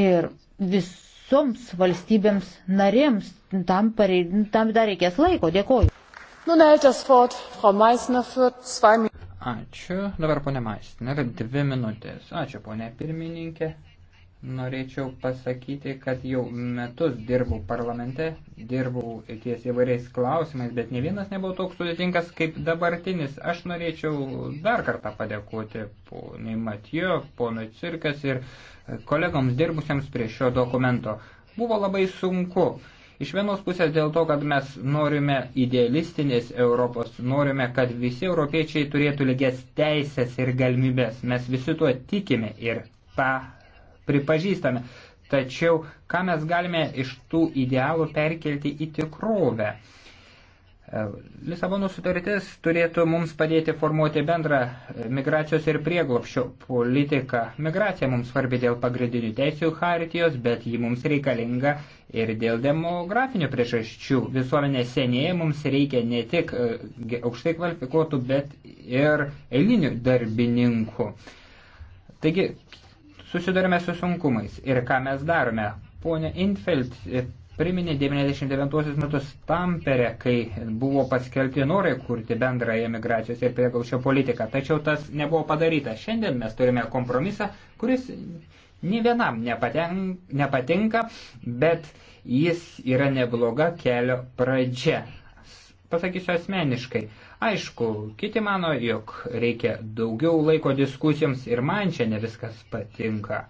Ir vis, visoms valstybėms narėms. Tam, parei, tam dar reikės laiko. Dėkoju. Ačiū. Dabar ponė Maisner, dvi minutės. Ačiū ponė pirmininkė. Norėčiau pasakyti, kad jau metus dirbau parlamente, dirbau ties įvairiais klausimais, bet ne vienas nebuvo toks sudėtingas kaip dabartinis. Aš norėčiau dar kartą padėkoti poniai Matijo, ponui Cirkas ir kolegoms dirbusiems prie šio dokumento. Buvo labai sunku. Iš vienos pusės dėl to, kad mes norime idealistinės Europos, norime, kad visi europiečiai turėtų lygias teisės ir galimybės. Mes visi tuo tikime ir tą pripažįstame. Tačiau ką mes galime iš tų idealų perkelti į tikrovę? E, Lisabono sutartis turėtų mums padėti formuoti bendrą e, migracijos ir prieglopščio politiką. Migracija mums svarbi dėl pagrindinių teisėjų hartijos, bet ji mums reikalinga ir dėl demografinių priežasčių. Visuomenė senėje mums reikia ne tik e, aukštai kvalifikuotų, bet ir eilinių darbininkų. Taigi, susidurime su sunkumais ir ką mes darome. Pone Infeld priminė 99 metus Tampere, kai buvo paskelbti norai kurti bendrąją migracijos ir prieglaušio politiką, tačiau tas nebuvo padaryta. Šiandien mes turime kompromisą, kuris ne vienam nepatinka, bet jis yra nebloga kelio pradžia. Pasakysiu asmeniškai. Aišku, kiti mano, jog reikia daugiau laiko diskusijoms ir man čia ne viskas patinka.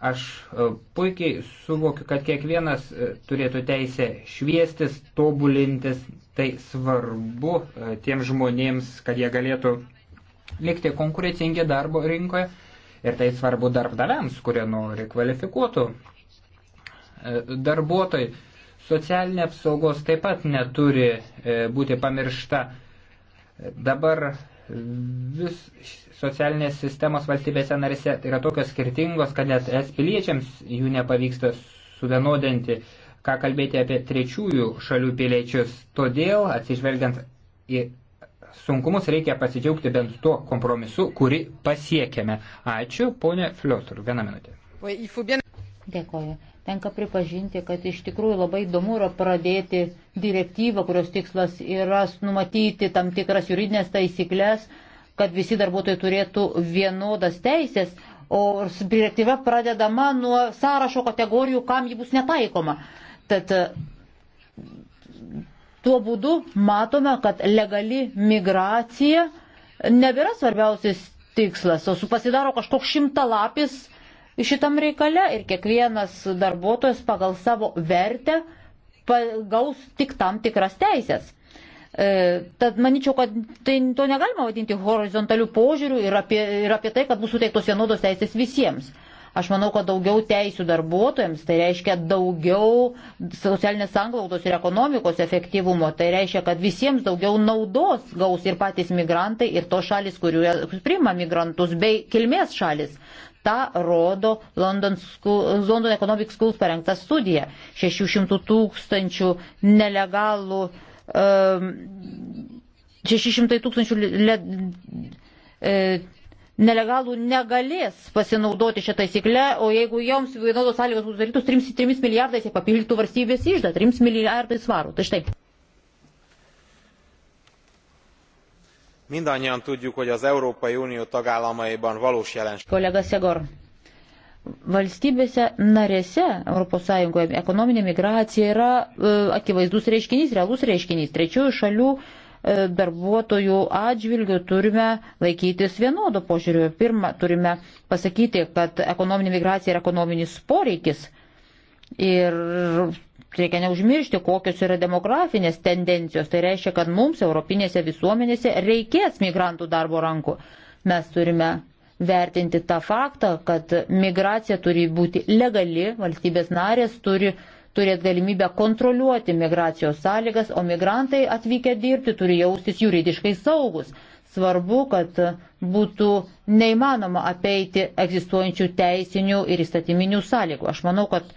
Aš e, puikiai suvokiu, kad kiekvienas e, turėtų teisę šviestis, tobulintis. Tai svarbu e, tiems žmonėms, kad jie galėtų likti konkurencingi darbo rinkoje. Ir tai svarbu darbdaviams, kurie nori kvalifikuotų darbuotojai. Socialinė apsaugos taip pat neturi būti pamiršta. Dabar vis socialinės sistemos valstybėse narise tai yra tokios skirtingos, kad net es piliečiams jų nepavyksta suvienodinti, ką kalbėti apie trečiųjų šalių piliečius. Todėl, atsižvelgiant į sunkumus, reikia pasidžiaugti bent tuo kompromisu, kurį pasiekėme. Ačiū, ponė Fliotur. Vieną minutę. Dėkoju tenka pripažinti, kad iš tikrųjų labai įdomu yra pradėti direktyvą, kurios tikslas yra numatyti tam tikras juridinės taisyklės, kad visi darbuotojai turėtų vienodas teisės, o direktyva pradedama nuo sąrašo kategorijų, kam ji bus netaikoma. Tad tuo būdu matome, kad legali migracija nebėra svarbiausias tikslas, o pasidaro kažkoks šimtalapis lapis šitam reikale ir kiekvienas darbuotojas pagal savo vertę gaus tik tam tikras teisės. E, tad manyčiau, kad tai, to negalima vadinti horizontalių požiūrių ir apie, ir apie tai, kad bus suteiktos vienodos teisės visiems. Aš manau, kad daugiau teisų darbuotojams, tai reiškia daugiau socialinės sanglaudos ir ekonomikos efektyvumo, tai reiškia, kad visiems daugiau naudos gaus ir patys migrantai, ir tos šalis, kuriuos priima migrantus, bei kilmės šalis. Ta rodo London, School, London Economic Schools parengta studija. 600 tūkstančių nelegalų, um, ehm, 600 tūkstančių le, e, nelegalų negalės pasinaudoti šią taisyklę, o jeigu joms vienodos sąlygos bus darytos, 3, 3 milijardais jie papildytų valstybės išdą, 3 milijardais svarų. Tai štai. mindannyian tudjuk hogy az európai unió tagállamaiban valós jelenség Valstybėse narėse ES ekonominė migracija yra e, akivaizdus reiškinys, realus reiškinys. Trečiųjų šalių e, darbuotojų atžvilgių turime laikytis vienodo požiūrio. Pirma, turime pasakyti, kad ekonominė migracija yra ekonominis poreikis ir reikia neužmiršti, kokios yra demografinės tendencijos. Tai reiškia, kad mums europinėse visuomenėse reikės migrantų darbo rankų. Mes turime vertinti tą faktą, kad migracija turi būti legali, valstybės narės turi turėti galimybę kontroliuoti migracijos sąlygas, o migrantai atvykę dirbti turi jaustis juridiškai saugus. Svarbu, kad būtų neįmanoma apeiti egzistuojančių teisinių ir įstatyminių sąlygų. Aš manau, kad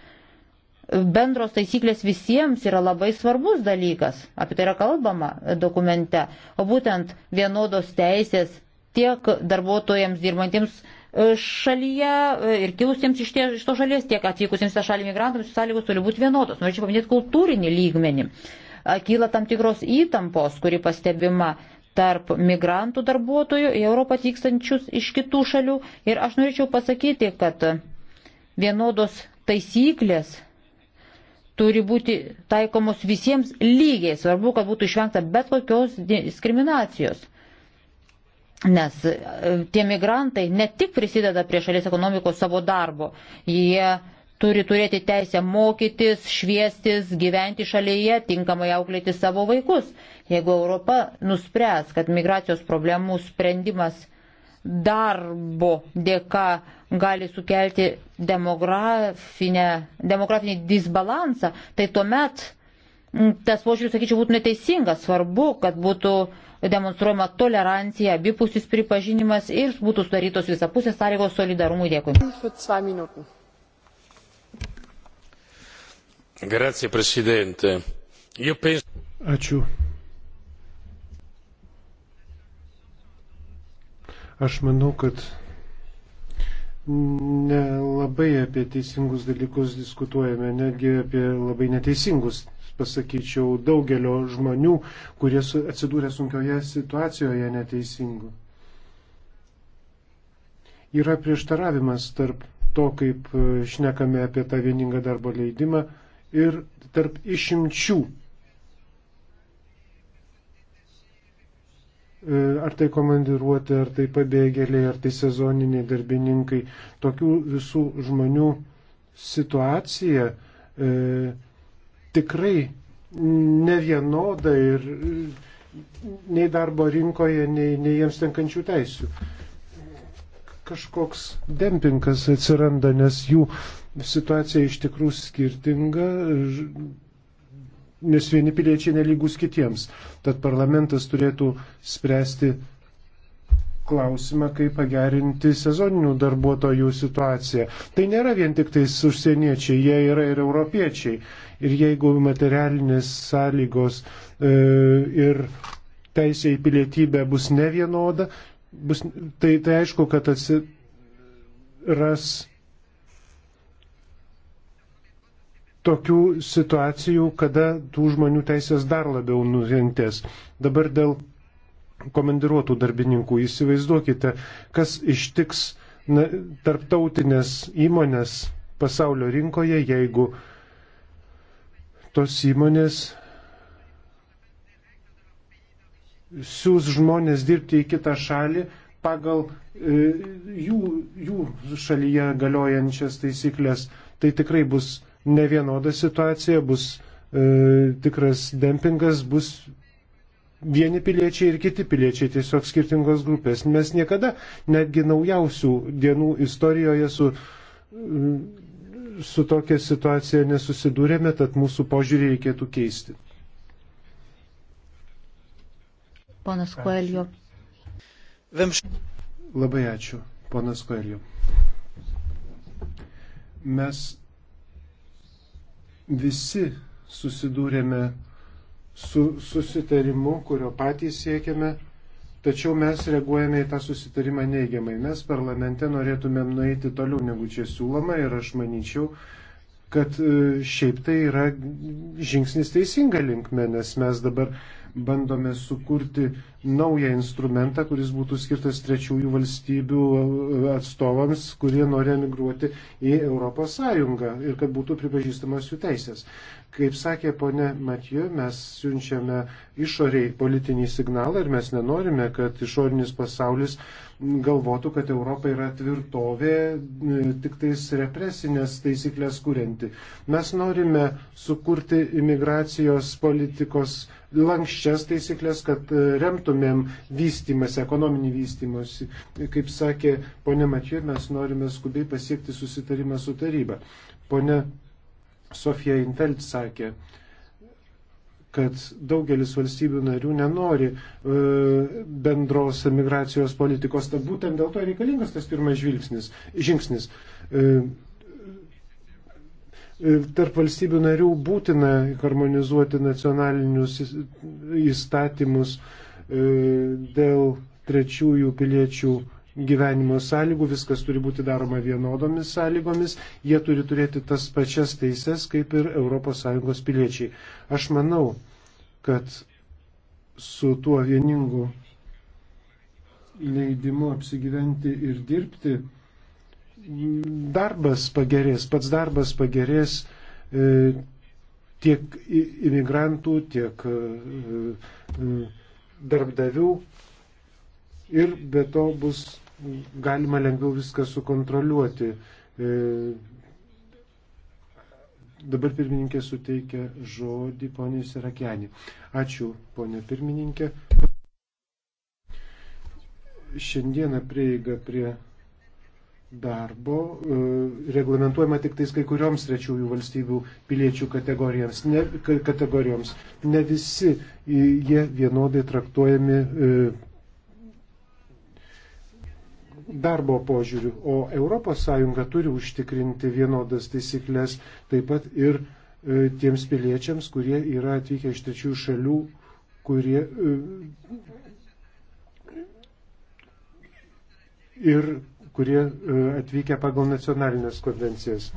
bendros taisyklės visiems yra labai svarbus dalykas, apie tai yra kalbama dokumente, o būtent vienodos teisės tiek darbuotojams dirbantiems e, šalyje e, ir kilusiems iš, tie, iš to šalies, tiek atvykusiems tą šalį migrantams sąlygos turi būti vienodos. Norėčiau paminėti kultūrinį lygmenį. Kyla tam tikros įtampos, kuri pastebima tarp migrantų darbuotojų į Europą atvykstančius iš kitų šalių. Ir aš norėčiau pasakyti, kad vienodos taisyklės turi būti taikomos visiems lygiai. Svarbu, kad būtų išvengta bet kokios diskriminacijos. Nes e, tie migrantai ne tik prisideda prie šalies ekonomikos savo darbo, jie turi turėti teisę mokytis, šviestis, gyventi šalyje, tinkamai auklėti savo vaikus. Jeigu Europa nuspręs, kad migracijos problemų sprendimas darbo dėka gali sukelti demografinį disbalansą, tai tuomet tas požiūris, sakyčiau, būtų neteisingas. Svarbu, kad būtų demonstruojama tolerancija, abipusis pripažinimas ir būtų sudarytos visapusės sąlygos solidarumui. Dėkui. Grazie, Presidente. Io penso... Ačiū. Aš manau, kad nelabai apie teisingus dalykus diskutuojame, netgi apie labai neteisingus, pasakyčiau, daugelio žmonių, kurie atsidūrė sunkioje situacijoje neteisingų. Yra prieštaravimas tarp to, kaip e, šnekame apie tą vieningą darbo leidimą ir tarp išimčių E, ar tai komandiruoti, ar tai pabėgėliai, ar tai sezoniniai darbininkai. Tokių visų žmonių situacija e, tikrai ne vienoda ir nei darbo rinkoje, nei, nei jiems tenkančių teisių. Kažkoks dempingas atsiranda, nes jų situacija iš tikrųjų skirtinga nes vieni piliečiai nelygus kitiems. Tad parlamentas turėtų spręsti klausimą, kaip pagerinti sezoninių darbuotojų situaciją. Tai nėra vien tik tais užsieniečiai, jie yra ir europiečiai. Ir jeigu materialinės sąlygos e, ir teisė į pilietybę bus nevienoda, bus, tai, tai aišku, kad atsiras tokių situacijų, kada tų žmonių teisės dar labiau nukentės. Dabar dėl komandiruotų darbininkų įsivaizduokite, kas ištiks na, tarptautinės įmonės pasaulio rinkoje, jeigu tos įmonės siūs žmonės dirbti į kitą šalį pagal e, jų, jų šalyje galiojančias taisyklės, tai tikrai bus nevienoda situacija, bus e, tikras dempingas, bus vieni piliečiai ir kiti piliečiai, tiesiog skirtingos grupės. Mes niekada, netgi naujausių dienų istorijoje su, su tokia situacija nesusidūrėme, tad mūsų požiūrį reikėtų keisti. Ponas Koelio. Labai ačiū, ponas Koelio. Mes visi susidūrėme su susitarimu, kurio patys siekiame, tačiau mes reaguojame į tą susitarimą neigiamai. Mes parlamente norėtumėm nueiti toliau negu čia siūloma ir aš manyčiau, kad e, šiaip tai yra žingsnis teisinga linkme, nes mes dabar bandome sukurti naują instrumentą, kuris būtų skirtas trečiųjų valstybių e, atstovams, kurie nori emigruoti į ES ir kad būtų pripažįstamas jų teisės. Kaip sakė ponė Matiju, mes siunčiame išoriai politinį signalą ir mes nenorime, kad išorinis pasaulis galvotų, kad Europa yra tvirtovė, e, tik tais represinės taisyklės kurianti. Mes norime sukurti imigracijos politikos lankščias taisyklės, kad e, remtumėm vystimas, ekonominį vystimus. Kaip sakė ponė Mačiai, mes norime skubiai pasiekti susitarimą su taryba. Pone Sofija Infeld sakė, kad daugelis valstybių narių nenori e, bendros migracijos politikos. Tad būtent dėl to reikalingas tas pirmas žvilgsnis, žingsnis. E, e Tarp valstybių narių būtina harmonizuoti nacionalinius įstatymus e, dėl trečiųjų piliečių gyvenimo sąlygų, viskas turi būti daroma vienodomis sąlygomis, jie turi turėti tas pačias teises kaip ir ES piliečiai. Aš manau, kad su tuo vieningu leidimu apsigyventi ir dirbti, darbas pagerės, pats darbas pagerės e, tiek imigrantų, tiek e, e, darbdavių ir be to bus galima lengviau viską sukontroliuoti. E, dabar pirmininkė suteikia žodį poniai Sirakenį. Ačiū, ponė pirmininkė. Šiandieną prieiga prie darbo e, reglamentuojama tik tais kai kurioms trečiųjų valstybių piliečių kategorijoms. Ne, kategorijoms. ne visi e, jie vienodai traktuojami darbo požiūrių, o ES turi užtikrinti vienodas taisyklės taip pat ir e, tiems piliečiams, kurie yra atvykę iš trečiųjų šalių, kurie e, ir kurie e, atvykę pagal nacionalinės konvencijas.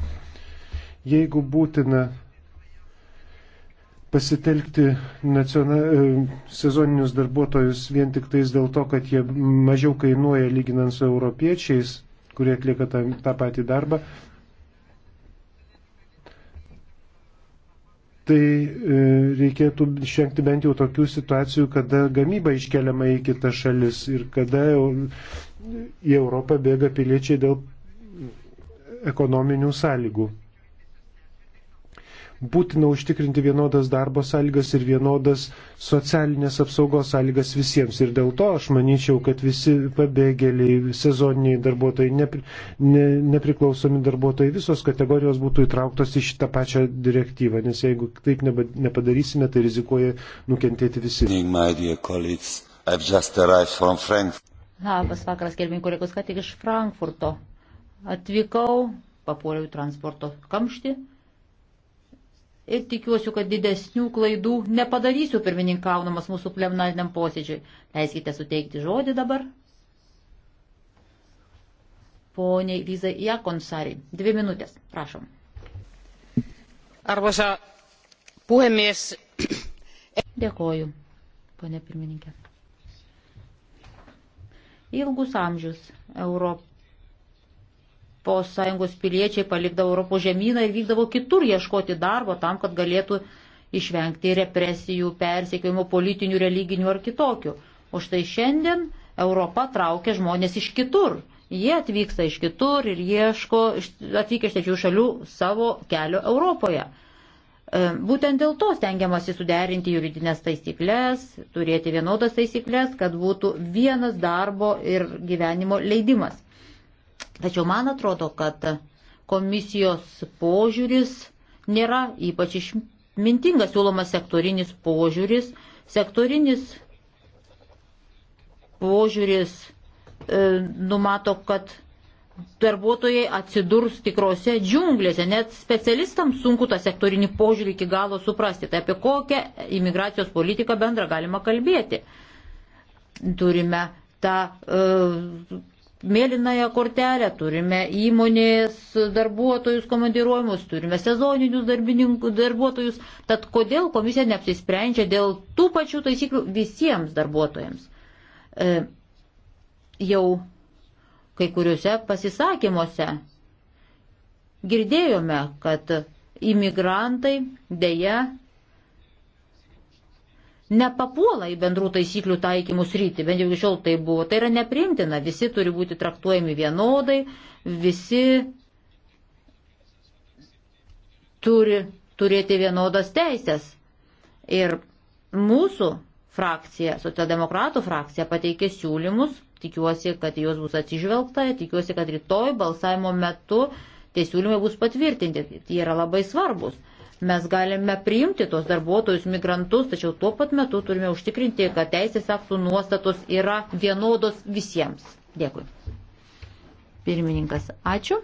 Jeigu būtina pasitelkti nacional... E, sezoninius darbuotojus vien tik tais dėl to, kad jie mažiau kainuoja lyginant su europiečiais, kurie atlieka tą, tą patį darbą. Tai e, reikėtų išvengti bent jau tokių situacijų, kada gamyba iškeliama į kitą šalis ir kada e, į Europą bėga piliečiai dėl ekonominių sąlygų būtina užtikrinti vienodas darbo sąlygas ir vienodas socialinės apsaugos sąlygas visiems. Ir dėl to aš manyčiau, kad visi pabėgėliai, sezoniniai darbuotojai, nepri, ne, nepriklausomi darbuotojai, visos kategorijos būtų įtrauktos į šitą pačią direktyvą, nes jeigu taip nepadarysime, tai rizikuoja nukentėti visi. Labas vakaras, gerbimi kolegos, ką tik iš Frankfurto atvykau, papuoliau į transporto kamštį ir tikiuosi, kad didesnių klaidų nepadarysiu pirmininkaunamas mūsų plenariniam posėdžiui. Leiskite suteikti žodį dabar. Poniai Lizai Jakonsari, dvi minutės, prašom. Arvoisa puhemies. Dėkoju, ponė pirmininkė. Ilgus amžius Europos. ES piliečiai palikdavo Europos žemyną ir vykdavo kitur ieškoti darbo tam, kad galėtų išvengti represijų, persekiojimo politinių, religinių ar kitokių. O štai šiandien Europa traukia žmonės iš kitur. Jie atvyksta iš kitur ir ieško, atvykę iš trečių šalių, savo kelio Europoje. E, būtent dėl to stengiamasi suderinti juridinės taisyklės, turėti vienodas taisyklės, kad būtų vienas darbo ir gyvenimo leidimas. Tačiau man atrodo, kad komisijos požiūris nėra ypač išmintingas siūlomas sektorinis požiūris. Sektorinis požiūris e, numato, kad darbuotojai atsidurs tikrose džiunglėse. Net specialistams sunku tą sektorinį požiūrį iki galo suprasti. Tai apie kokią imigracijos politiką bendrą galima kalbėti. Turime tą e, mėlynąją kortelę, turime įmonės darbuotojus komandiruojimus, turime sezoninius darbuotojus. Tad kodėl komisija neapsisprendžia dėl tų pačių taisyklių visiems darbuotojams? E, jau kai kuriuose pasisakymuose girdėjome, kad imigrantai dėja nepapuola į bendrų taisyklių taikymus rytį, bent jau iki šiol tai buvo. Tai yra neprimtina, visi turi būti traktuojami vienodai, visi turi turėti vienodas teisės. Ir mūsų frakcija, socialdemokratų frakcija pateikė siūlymus, tikiuosi, kad juos bus atsižvelgta, tikiuosi, kad rytoj balsavimo metu tie siūlymai bus patvirtinti, jie yra labai svarbus. Mes galime priimti tos darbuotojus, migrantus, tačiau tuo pat metu turime užtikrinti, kad teisės aktų nuostatos yra vienodos visiems. Dėkui. Pirmininkas, ačiū.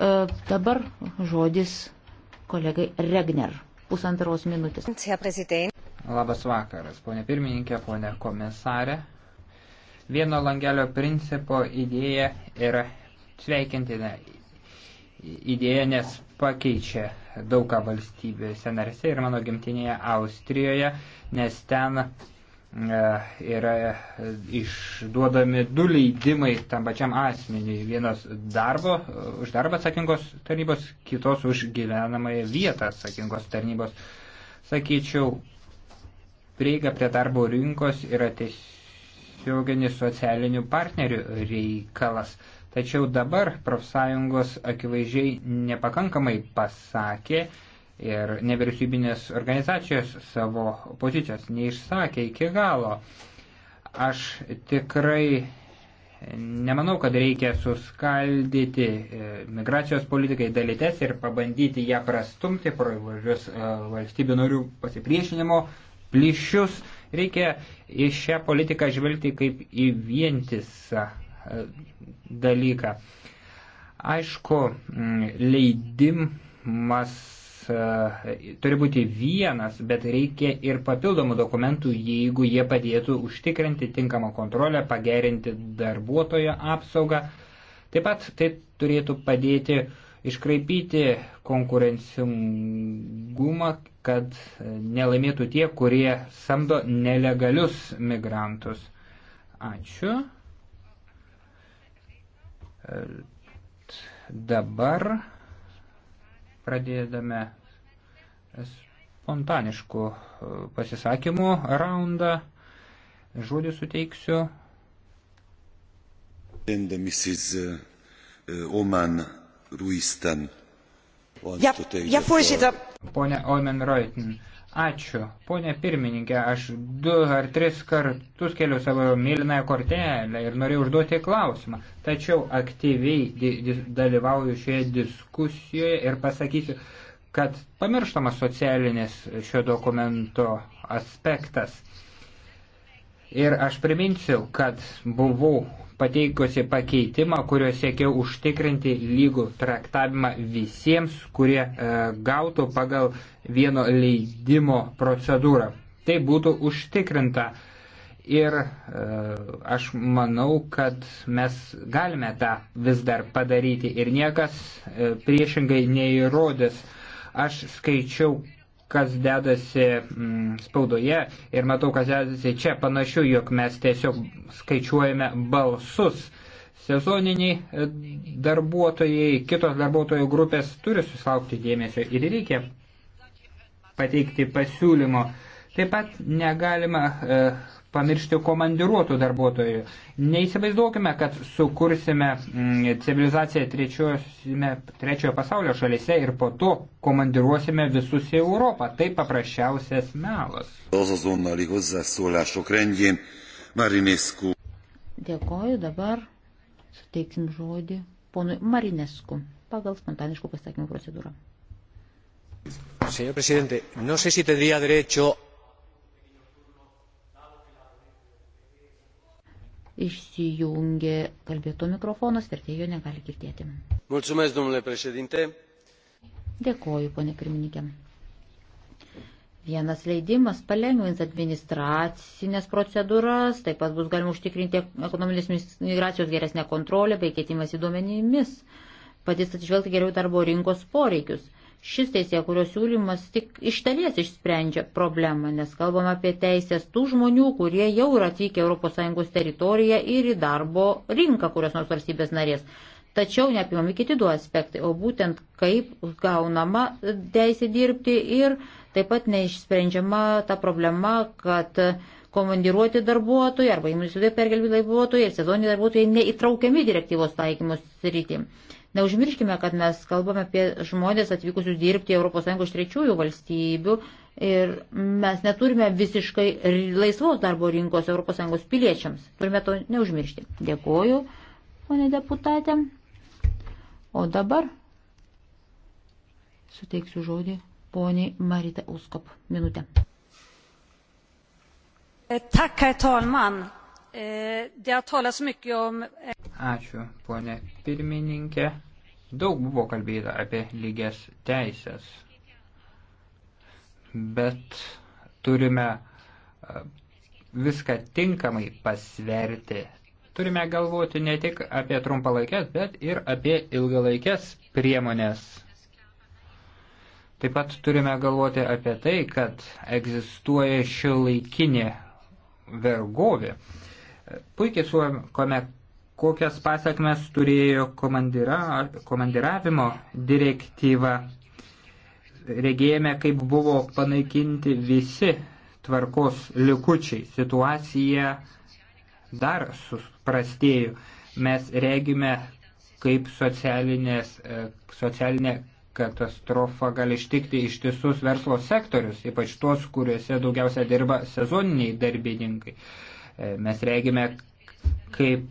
E, dabar žodis kolegai Regner. Pusantros minutės. Labas vakaras, ponė pirmininkė, ponė komisarė. Vieno langelio principo idėja yra sveikintina idėja, nes pakeičia daug ką valstybėse narse ir mano gimtinėje Austrijoje, nes ten e, yra išduodami du leidimai tam pačiam asmeniui. Vienas darbo, už darbą atsakingos tarnybos, kitos už gyvenamąją vietą atsakingos tarnybos. Sakyčiau, prieiga prie darbo rinkos yra tiesioginis socialinių partnerių reikalas. Tačiau dabar profsąjungos akivaizdžiai nepakankamai pasakė ir nevyriausybinės organizacijos savo pozicijos neišsakė iki galo. Aš tikrai nemanau, kad reikia suskaldyti e, migracijos politikai dalytes ir pabandyti ją prastumti pro įvairius e, valstybių norių pasipriešinimo plyšius. Reikia į šią politiką žvelgti kaip į vientisą dalyką. Aišku, mm, leidimas e, turi būti vienas, bet reikia ir papildomų dokumentų, jeigu jie padėtų užtikrinti tinkamą kontrolę, pagerinti darbuotojo apsaugą. Taip pat tai turėtų padėti iškraipyti konkurencingumą, kad nelaimėtų tie, kurie samdo nelegalius migrantus. Ačiū. Dabar pradėdame spontaniškų e, pasisakymų raundą. Žodį suteiksiu. Mrs. E, e, Oman Ruistan. Ja, ja, voorzitter. Pone Omen Ruiten. Ačiū. Pone pirmininkė, aš du ar tris kartus keliu savo mylinąją kortelę ir norėjau užduoti klausimą. Tačiau aktyviai di di dalyvauju šioje diskusijoje ir pasakysiu, kad pamirštamas socialinis šio dokumento aspektas. Ir aš priminsiu, kad buvau pateikusi pakeitimą, kuriuo siekiau užtikrinti lygų traktavimą visiems, kurie e, gautų pagal vieno leidimo procedūrą. Tai būtų užtikrinta. Ir e, aš manau, kad mes galime tą vis dar padaryti ir niekas e, priešingai neįrodys. Aš skaičiau kas dedasi mm, spaudoje ir matau, kas dedasi čia, panašu, jog mes tiesiog skaičiuojame balsus. Sezoniniai e, darbuotojai, kitos darbuotojų grupės turi susilaukti dėmesio ir reikia pateikti pasiūlymo. Taip pat negalima e, pamiršti komandiruotų darbuotojų. Neįsivaizduokime, kad sukursime mm, civilizaciją trečiojo pasaulio šalyse ir po to komandiruosime visus į Europą. Tai paprasčiausias melas. Dėkoju dabar. Suteiksim žodį ponui Marinesku pagal spontaniškų pasakymų procedūrą. Señor presidente, no sé si tendría derecho išsijungė kalbėto mikrofonas, vertėjo negali girdėti. Mulțumesc, domnule președinte. Dėkoju, ponė pirmininkė. Vienas leidimas palengvins administracinės procedūras, taip pat bus galima užtikrinti ekonominės migracijos geresnę kontrolę bei keitimas į duomenimis, patys atsižvelgti geriau darbo rinkos poreikius. Šis teisė, kurios siūlymas tik iš dalies išsprendžia problemą, nes kalbam apie teisės tų žmonių, kurie jau yra atvykę ES teritoriją ir į darbo rinką, kurios nors valstybės narės. Tačiau neapimami kiti du aspektai, o būtent kaip gaunama teisė dirbti ir taip pat neišsprendžiama ta problema, kad komandiruoti darbuotojai arba įmonės vidai perkelbi darbuotojai ir sezoniniai darbuotojai neįtraukiami direktyvos taikymus rytim. Neužmirškime, kad mes kalbame apie žmonės atvykusius dirbti ES iš trečiųjų valstybių ir mes neturime visiškai laisvos darbo rinkos ES piliečiams. Turime to neužmiršti. Dėkoju, ponė deputatė. O dabar suteiksiu žodį poniai Marita Uskop. Minutę. Tak, herr talman. Eh, eh, Ačiū, ponė pirmininkė. Daug buvo kalbėta apie lygias teisės, bet turime eh, viską tinkamai pasverti. Turime galvoti ne tik apie trumpalaikės, bet ir apie ilgalaikės priemonės. Taip pat turime galvoti apie tai, kad egzistuoja šio laikinė vergovė. Puikiai suvokome, kokias pasakmes turėjo komandira, komandiravimo direktyva. Regėjome, kaip buvo panaikinti visi tvarkos likučiai. Situacija dar suprastėjo. Mes regime, kaip e, socialinė katastrofa gali ištikti ištisus verslo sektorius, ypač tuos, kuriuose daugiausia dirba sezoniniai darbininkai. E, mes regime, kaip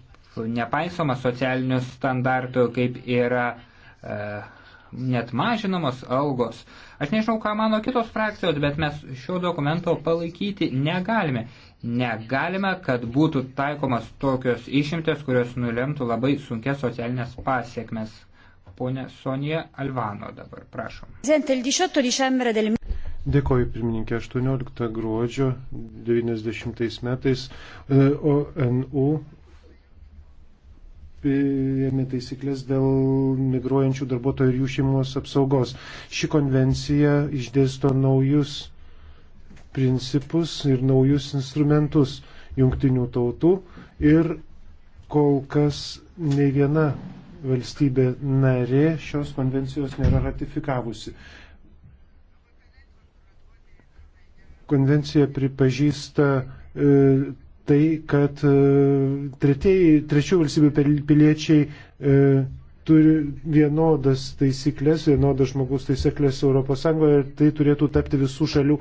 nepaisoma socialinių standartų, kaip yra e, net mažinamos algos. Aš nežinau, ką mano kitos frakcijos, bet mes šio dokumento palaikyti negalime. Negalime, kad būtų taikomas tokios išimtės, kurios nulemtų labai sunkias socialinės pasiekmes. Pone Sonija Alvano dabar, prašom. Dėkoju pirmininkė 18 gruodžio 90 metais e, ONU priėmė taisyklės dėl migruojančių darbuotojų ir jų šeimos apsaugos. Ši konvencija išdėsto naujus principus ir naujus instrumentus jungtinių tautų ir kol kas nei viena valstybė narė šios konvencijos nėra ratifikavusi. Konvencija pripažįsta e, tai, kad e, tretieji, trečių valstybių piliečiai e, turi vienodas taisyklės, vienodas žmogus taisyklės ES ir tai turėtų tapti visų šalių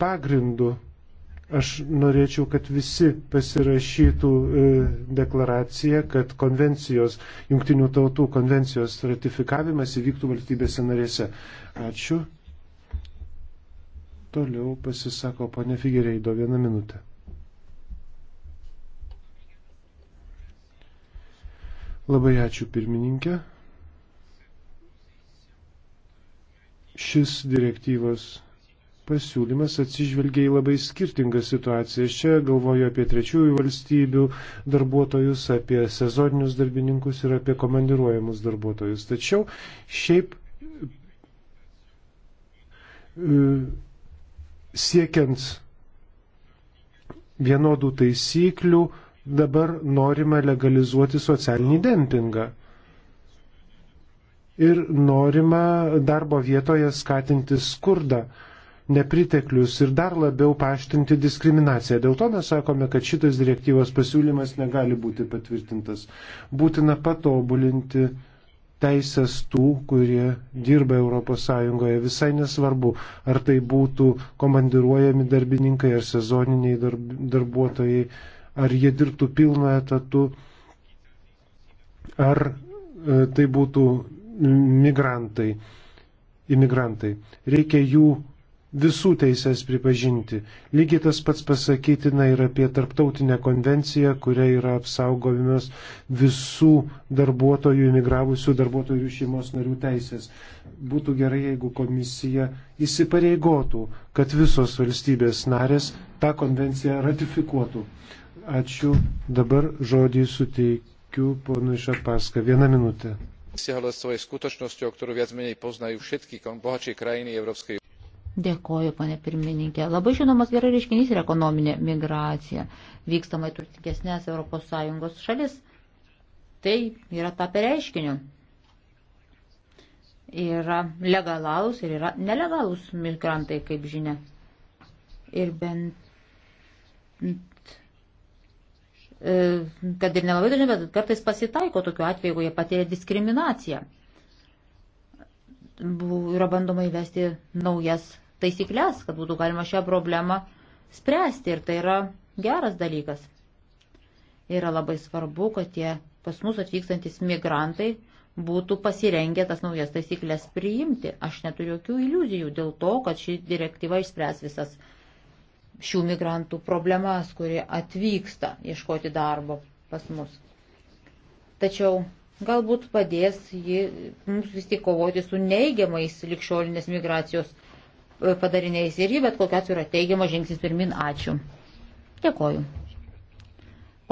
pagrindu. Aš norėčiau, kad visi pasirašytų deklaraciją, kad konvencijos, jungtinių tautų konvencijos ratifikavimas įvyktų valstybėse narėse. Ačiū. Toliau pasisako ponė Figereido vieną minutę. Labai ačiū pirmininkė. Šis direktyvos pasiūlymas atsižvelgia į labai skirtingas situacijas. Čia galvoju apie trečiųjų valstybių darbuotojus, apie sezoninius darbininkus ir apie komandiruojamus darbuotojus. Tačiau šiaip siekiant vienodų taisyklių dabar norima legalizuoti socialinį dempingą. Ir norima darbo vietoje skatinti skurdą, nepriteklius ir dar labiau paštinti diskriminaciją. Dėl to mes sakome, kad šitas direktyvos pasiūlymas negali būti patvirtintas. Būtina patobulinti teisės tų, kurie dirba ES. Visai nesvarbu, ar tai būtų komandiruojami darbininkai ar sezoniniai darb, darbuotojai, ar jie dirbtų pilną etatų, ar e, tai būtų migrantai, imigrantai. Reikia jų visų teisės pripažinti. Lygiai tas pats pasakytina ir apie tarptautinę konvenciją, kuria yra apsaugomios visų darbuotojų, imigravusių darbuotojų ir šeimos narių teisės. Būtų gerai, jeigu komisija įsipareigotų, kad visos valstybės narės tą konvenciją ratifikuotų. Ačiū. Dabar žodį suteikiu ponui Šapaska. Vieną minutę. Siahla svojej skutočnosťou, ktorú viac menej poznajú všetky bohatšie krajiny Európskej Dėkoju, ponė pirmininkė. Labai žinomas gerai reiškinys yra ekonominė migracija. Vykstamai turtingesnės ES šalis. Tai yra tapę reiškiniu. Yra legalus ir yra nelegalus migrantai, kaip žinia. Ir bent e, kad ir nelabai dažnai, bet kartais pasitaiko tokiu atveju, jeigu jie patiria diskriminaciją. Yra bandoma įvesti naujas taisyklės, kad būtų galima šią problemą spręsti ir tai yra geras dalykas. Yra labai svarbu, kad tie pas mus atvykstantis migrantai būtų pasirengę tas naujas taisyklės priimti. Aš neturiu jokių iliuzijų dėl to, kad ši direktyva išspręs visas šių migrantų problemas, kurie atvyksta ieškoti darbo pas mus. Tačiau galbūt padės ji mums vis tik kovoti su neigiamais likščiolinės migracijos padariniais ir ji bet kokia atveju yra teigiamas žingsnis pirmin. Ačiū. Dėkoju.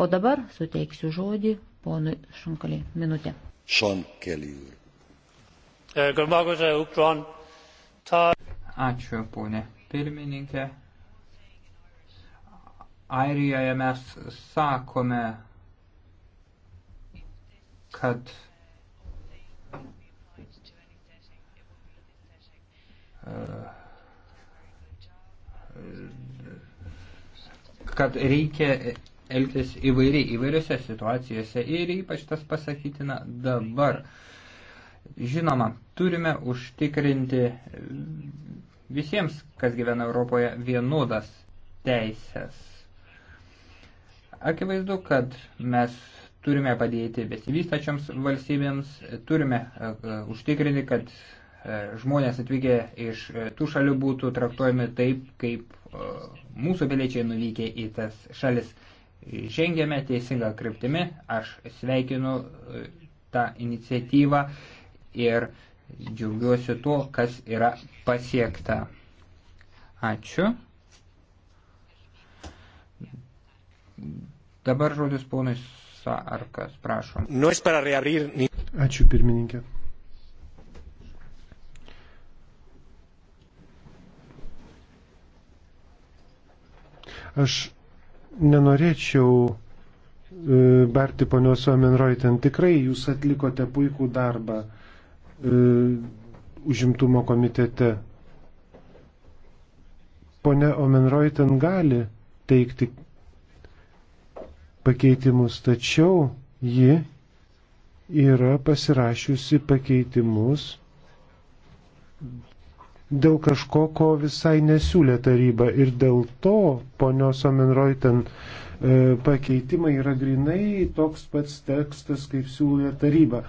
O dabar suteiksiu žodį ponui Šankaliai. Minutė. Šankeliui. E, Ačiū, ponė pirmininkė. Airijoje mes sakome, kad kad reikia elgtis įvairiai, įvairiose situacijose ir ypač tas pasakytina dabar. Žinoma, turime užtikrinti visiems, kas gyvena Europoje, vienodas teisės. Akivaizdu, kad mes turime padėti besivystačiams valstybėms, turime uh, užtikrinti, kad E, žmonės atvykę iš e, tų šalių būtų traktuojami taip, kaip e, mūsų piliečiai nuvykę į tas šalis. Žengėme teisingą kryptimį, aš sveikinu tą iniciatyvą ir džiaugiuosi tuo, kas yra pasiekta. Ačiū. Dabar žodis ponui Saarkas, prašom. Ačiū pirmininkė. Aš nenorėčiau e, barti ponios Omenroiten. Tikrai jūs atlikote puikų darbą e, užimtumo komitete. Pone Omenroiten gali teikti pakeitimus, tačiau ji yra pasirašiusi pakeitimus dėl kažko, ko visai nesiūlė taryba. Ir dėl to ponios Omenroiten e, pakeitimai yra grinai toks pats tekstas, kaip siūlė taryba.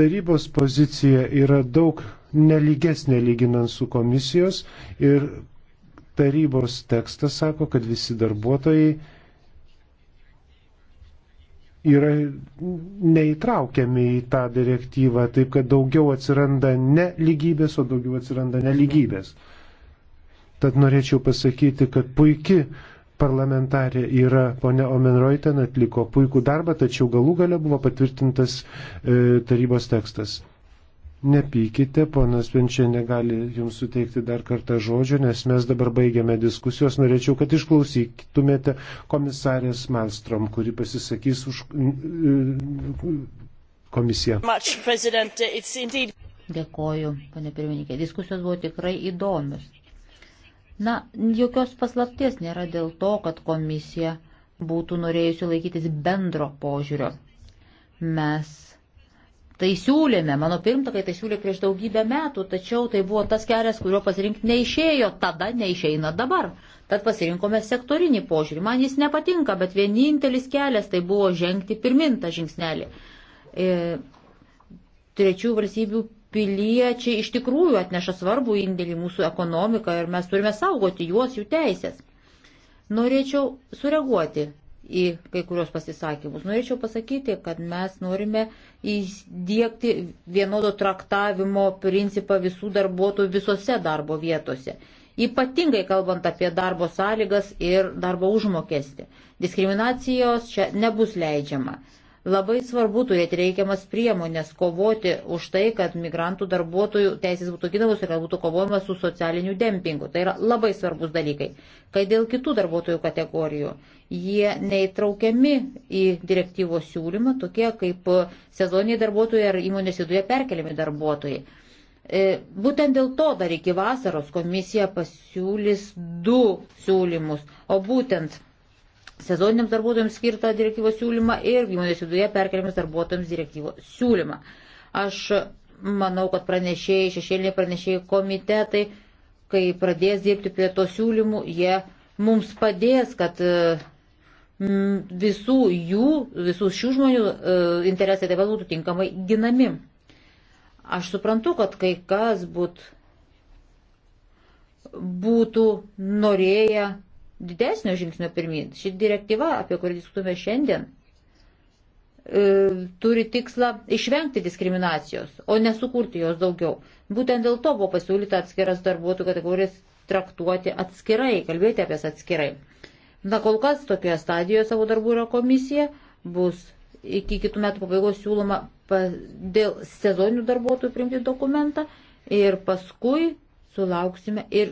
Tarybos pozicija yra daug neligesnė lyginant su komisijos ir tarybos tekstas sako, kad visi darbuotojai yra neįtraukiami į tą direktyvą, taip kad daugiau atsiranda neligybės, o daugiau atsiranda neligybės. Tad norėčiau pasakyti, kad puiki parlamentarė yra ponia Omenroiten, atliko puikų darbą, tačiau galų gale buvo patvirtintas e, tarybos tekstas. Nepykite, ponas Vinčia negali jums suteikti dar kartą žodžio, nes mes dabar baigiame diskusijos. Norėčiau, kad išklausytumėte komisarės Malstrom, kuri pasisakys už komisiją. Dėkoju, pane pirmininkė. Diskusijos buvo tikrai įdomios. Na, jokios paslapties nėra dėl to, kad komisija būtų norėjusi laikytis bendro požiūrio. Mes tai siūlėme, mano pirmtakai tai siūlė prieš daugybę metų, tačiau tai buvo tas kelias, kurio pasirinkti neišėjo, tada neišeina dabar. Tad pasirinkome sektorinį požiūrį. Man jis nepatinka, bet vienintelis kelias tai buvo žengti pirmintą žingsnelį. E, trečių valstybių piliečiai iš tikrųjų atneša svarbų indėlį mūsų ekonomiką ir mes turime saugoti juos, jų teisės. Norėčiau sureaguoti į kai kurios pasisakymus. Norėčiau pasakyti, kad mes norime įdėkti vienodo traktavimo principą visų darbuotojų visose darbo vietose. Ypatingai kalbant apie darbo sąlygas ir darbo užmokestį. Diskriminacijos čia nebus leidžiama. Labai svarbu turėti reikiamas priemonės kovoti už tai, kad migrantų darbuotojų teisės būtų ginamos ir kad būtų kovojama su socialiniu dempingu. Tai yra labai svarbus dalykai. Kai dėl kitų darbuotojų kategorijų jie neįtraukiami į direktyvos siūlymą, tokie kaip sezoniniai darbuotojai ar įmonės viduje perkeliami darbuotojai. E, būtent dėl to dar iki vasaros komisija pasiūlys du siūlymus, o būtent sezoniniams darbuotojams skirtą direktyvos siūlymą ir įmonės viduje perkeliamas darbuotojams direktyvos siūlymą. Aš manau, kad pranešėjai, šešėliniai pranešėjai komitetai, kai pradės dirbti prie to siūlymų, jie mums padės, kad e, visų jų, visų šių žmonių e, interesai taip pat būtų tinkamai ginami. Aš suprantu, kad kai kas būt, būtų norėję didesnio žingsnio pirmin. Ši direktyva, apie kurią diskutume šiandien, e, turi tikslą išvengti diskriminacijos, o nesukurti jos daugiau. Būtent dėl to buvo pasiūlyta atskiras darbuotojų kategorijas traktuoti atskirai, kalbėti apie jas atskirai. Na kol kas tokioje stadijoje savo darbų yra komisija, bus iki kitų metų pabaigos siūloma dėl sezoninių darbuotojų priimti dokumentą ir paskui sulauksime ir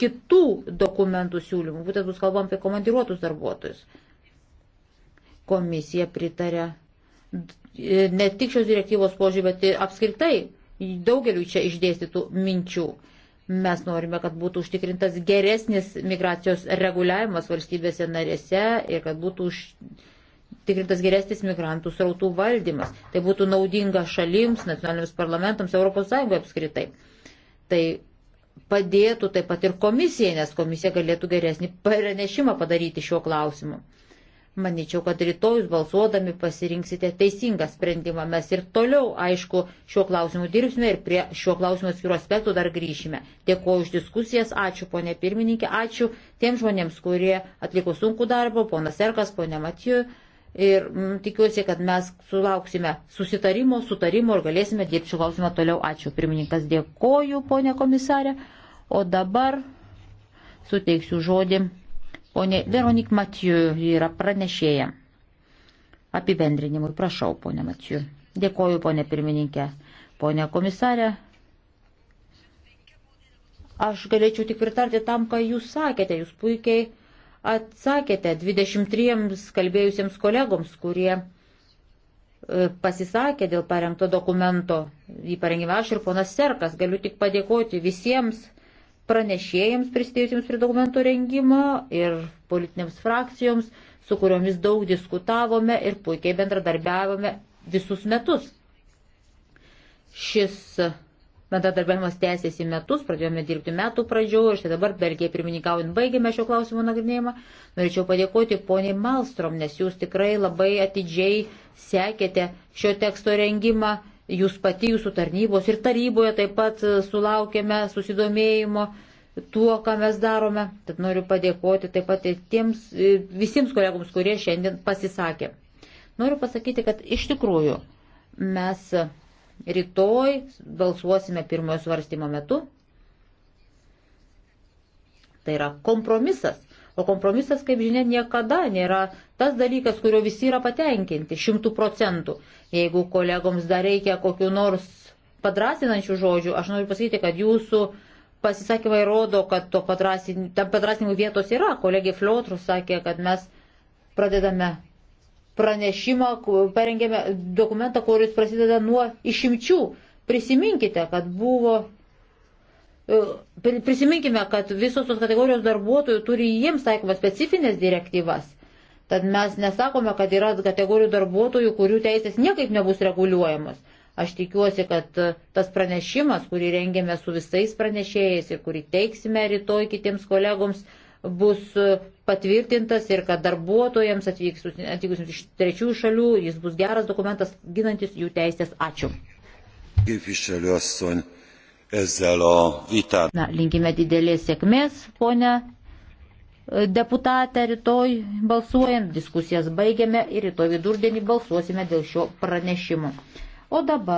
kitų dokumentų siūlymų, būtent bus kalbam apie komandiruotus darbuotojus. Komisija pritarė ne tik šios direktyvos požiūrį, bet ir apskritai daugeliu čia išdėstytų minčių. Mes norime, kad būtų užtikrintas geresnis migracijos reguliavimas valstybėse narėse ir kad būtų užtikrintas geresnis migrantų srautų valdymas. Tai būtų naudinga šalims, nacionaliniams parlamentams, ES apskritai. Tai padėtų taip pat ir komisijai, nes komisija galėtų geresnį pranešimą padaryti šiuo klausimu. Manyčiau, kad rytojus balsuodami pasirinksite teisingą sprendimą. Mes ir toliau, aišku, šiuo klausimu dirbsime ir prie šiuo klausimu atskirų aspektų dar grįšime. Dėkuoju už diskusijas, ačiū ponė pirmininkė, ačiū tiems žmonėms, kurie atliko sunkų darbą, ponas Serkas, ponė Matijų ir m, mm, tikiuosi, kad mes sulauksime susitarimo, sutarimo ir galėsime dirbti šį klausimą toliau. Ačiū. Pirmininkas dėkoju, ponė komisarė. O dabar suteiksiu žodį. Ponė Veronik Matijų yra pranešėja. Apibendrinimui prašau, ponė Matijų. Dėkoju, ponė pirmininkė. Ponė komisarė, Aš galėčiau tik pritarti tam, ką jūs sakėte, jūs puikiai atsakėte 23 kalbėjusiems kolegoms, kurie e, pasisakė dėl parengto dokumento. Jį parengėme aš ir ponas Serkas. Galiu tik padėkoti visiems pranešėjams prisidėjusiems prie dokumento rengimo ir politinėms frakcijoms, su kuriomis daug diskutavome ir puikiai bendradarbiavome visus metus. Šis Bendradarbiavimas tęsėsi metus, pradėjome dirbti metų pradžioje ir štai dabar Belgijai pirmininkaujant baigėme šio klausimo nagrinėjimą. Norėčiau padėkoti poniai Malstrom, nes jūs tikrai labai atidžiai sekėte šio teksto rengimą. Jūs pati, jūsų tarnybos ir taryboje taip pat sulaukėme susidomėjimo tuo, ką mes darome. Tad noriu padėkoti taip pat tiems, visiems kolegoms, kurie šiandien pasisakė. Noriu pasakyti, kad iš tikrųjų mes Rytoj balsuosime pirmojo svarstymo metu. Tai yra kompromisas. O kompromisas, kaip žinia, niekada nėra tas dalykas, kurio visi yra patenkinti šimtų procentų. Jeigu kolegoms dar reikia kokiu nors padrasinančių žodžių, aš noriu pasakyti, kad jūsų pasisakymai rodo, kad to padrasin, tam padrasinimų vietos yra. Kolegė Fliotrus sakė, kad mes pradedame pranešimą, parengėme dokumentą, kuris prasideda nuo išimčių. Prisiminkite, kad buvo. E, prisiminkime, kad visos tos kategorijos darbuotojų turi jiems taikomas specifines direktyvas. Tad mes nesakome, kad yra kategorijų darbuotojų, kurių teisės niekaip nebus reguliuojamos. Aš tikiuosi, kad e, tas pranešimas, kurį rengėme su visais pranešėjais ir kurį teiksime rytoj kitiems kolegoms, uh, bus patvirtintas ir kad darbuotojams atvykusiems iš trečiųjų šalių jis bus geras dokumentas ginantis jų teisės. Ačiū. Na, linkime didelės sėkmės, ponia e, deputatę rytoj balsuojant, diskusijas baigiame ir rytoj vidurdienį balsuosime dėl šio pranešimo. O dabar.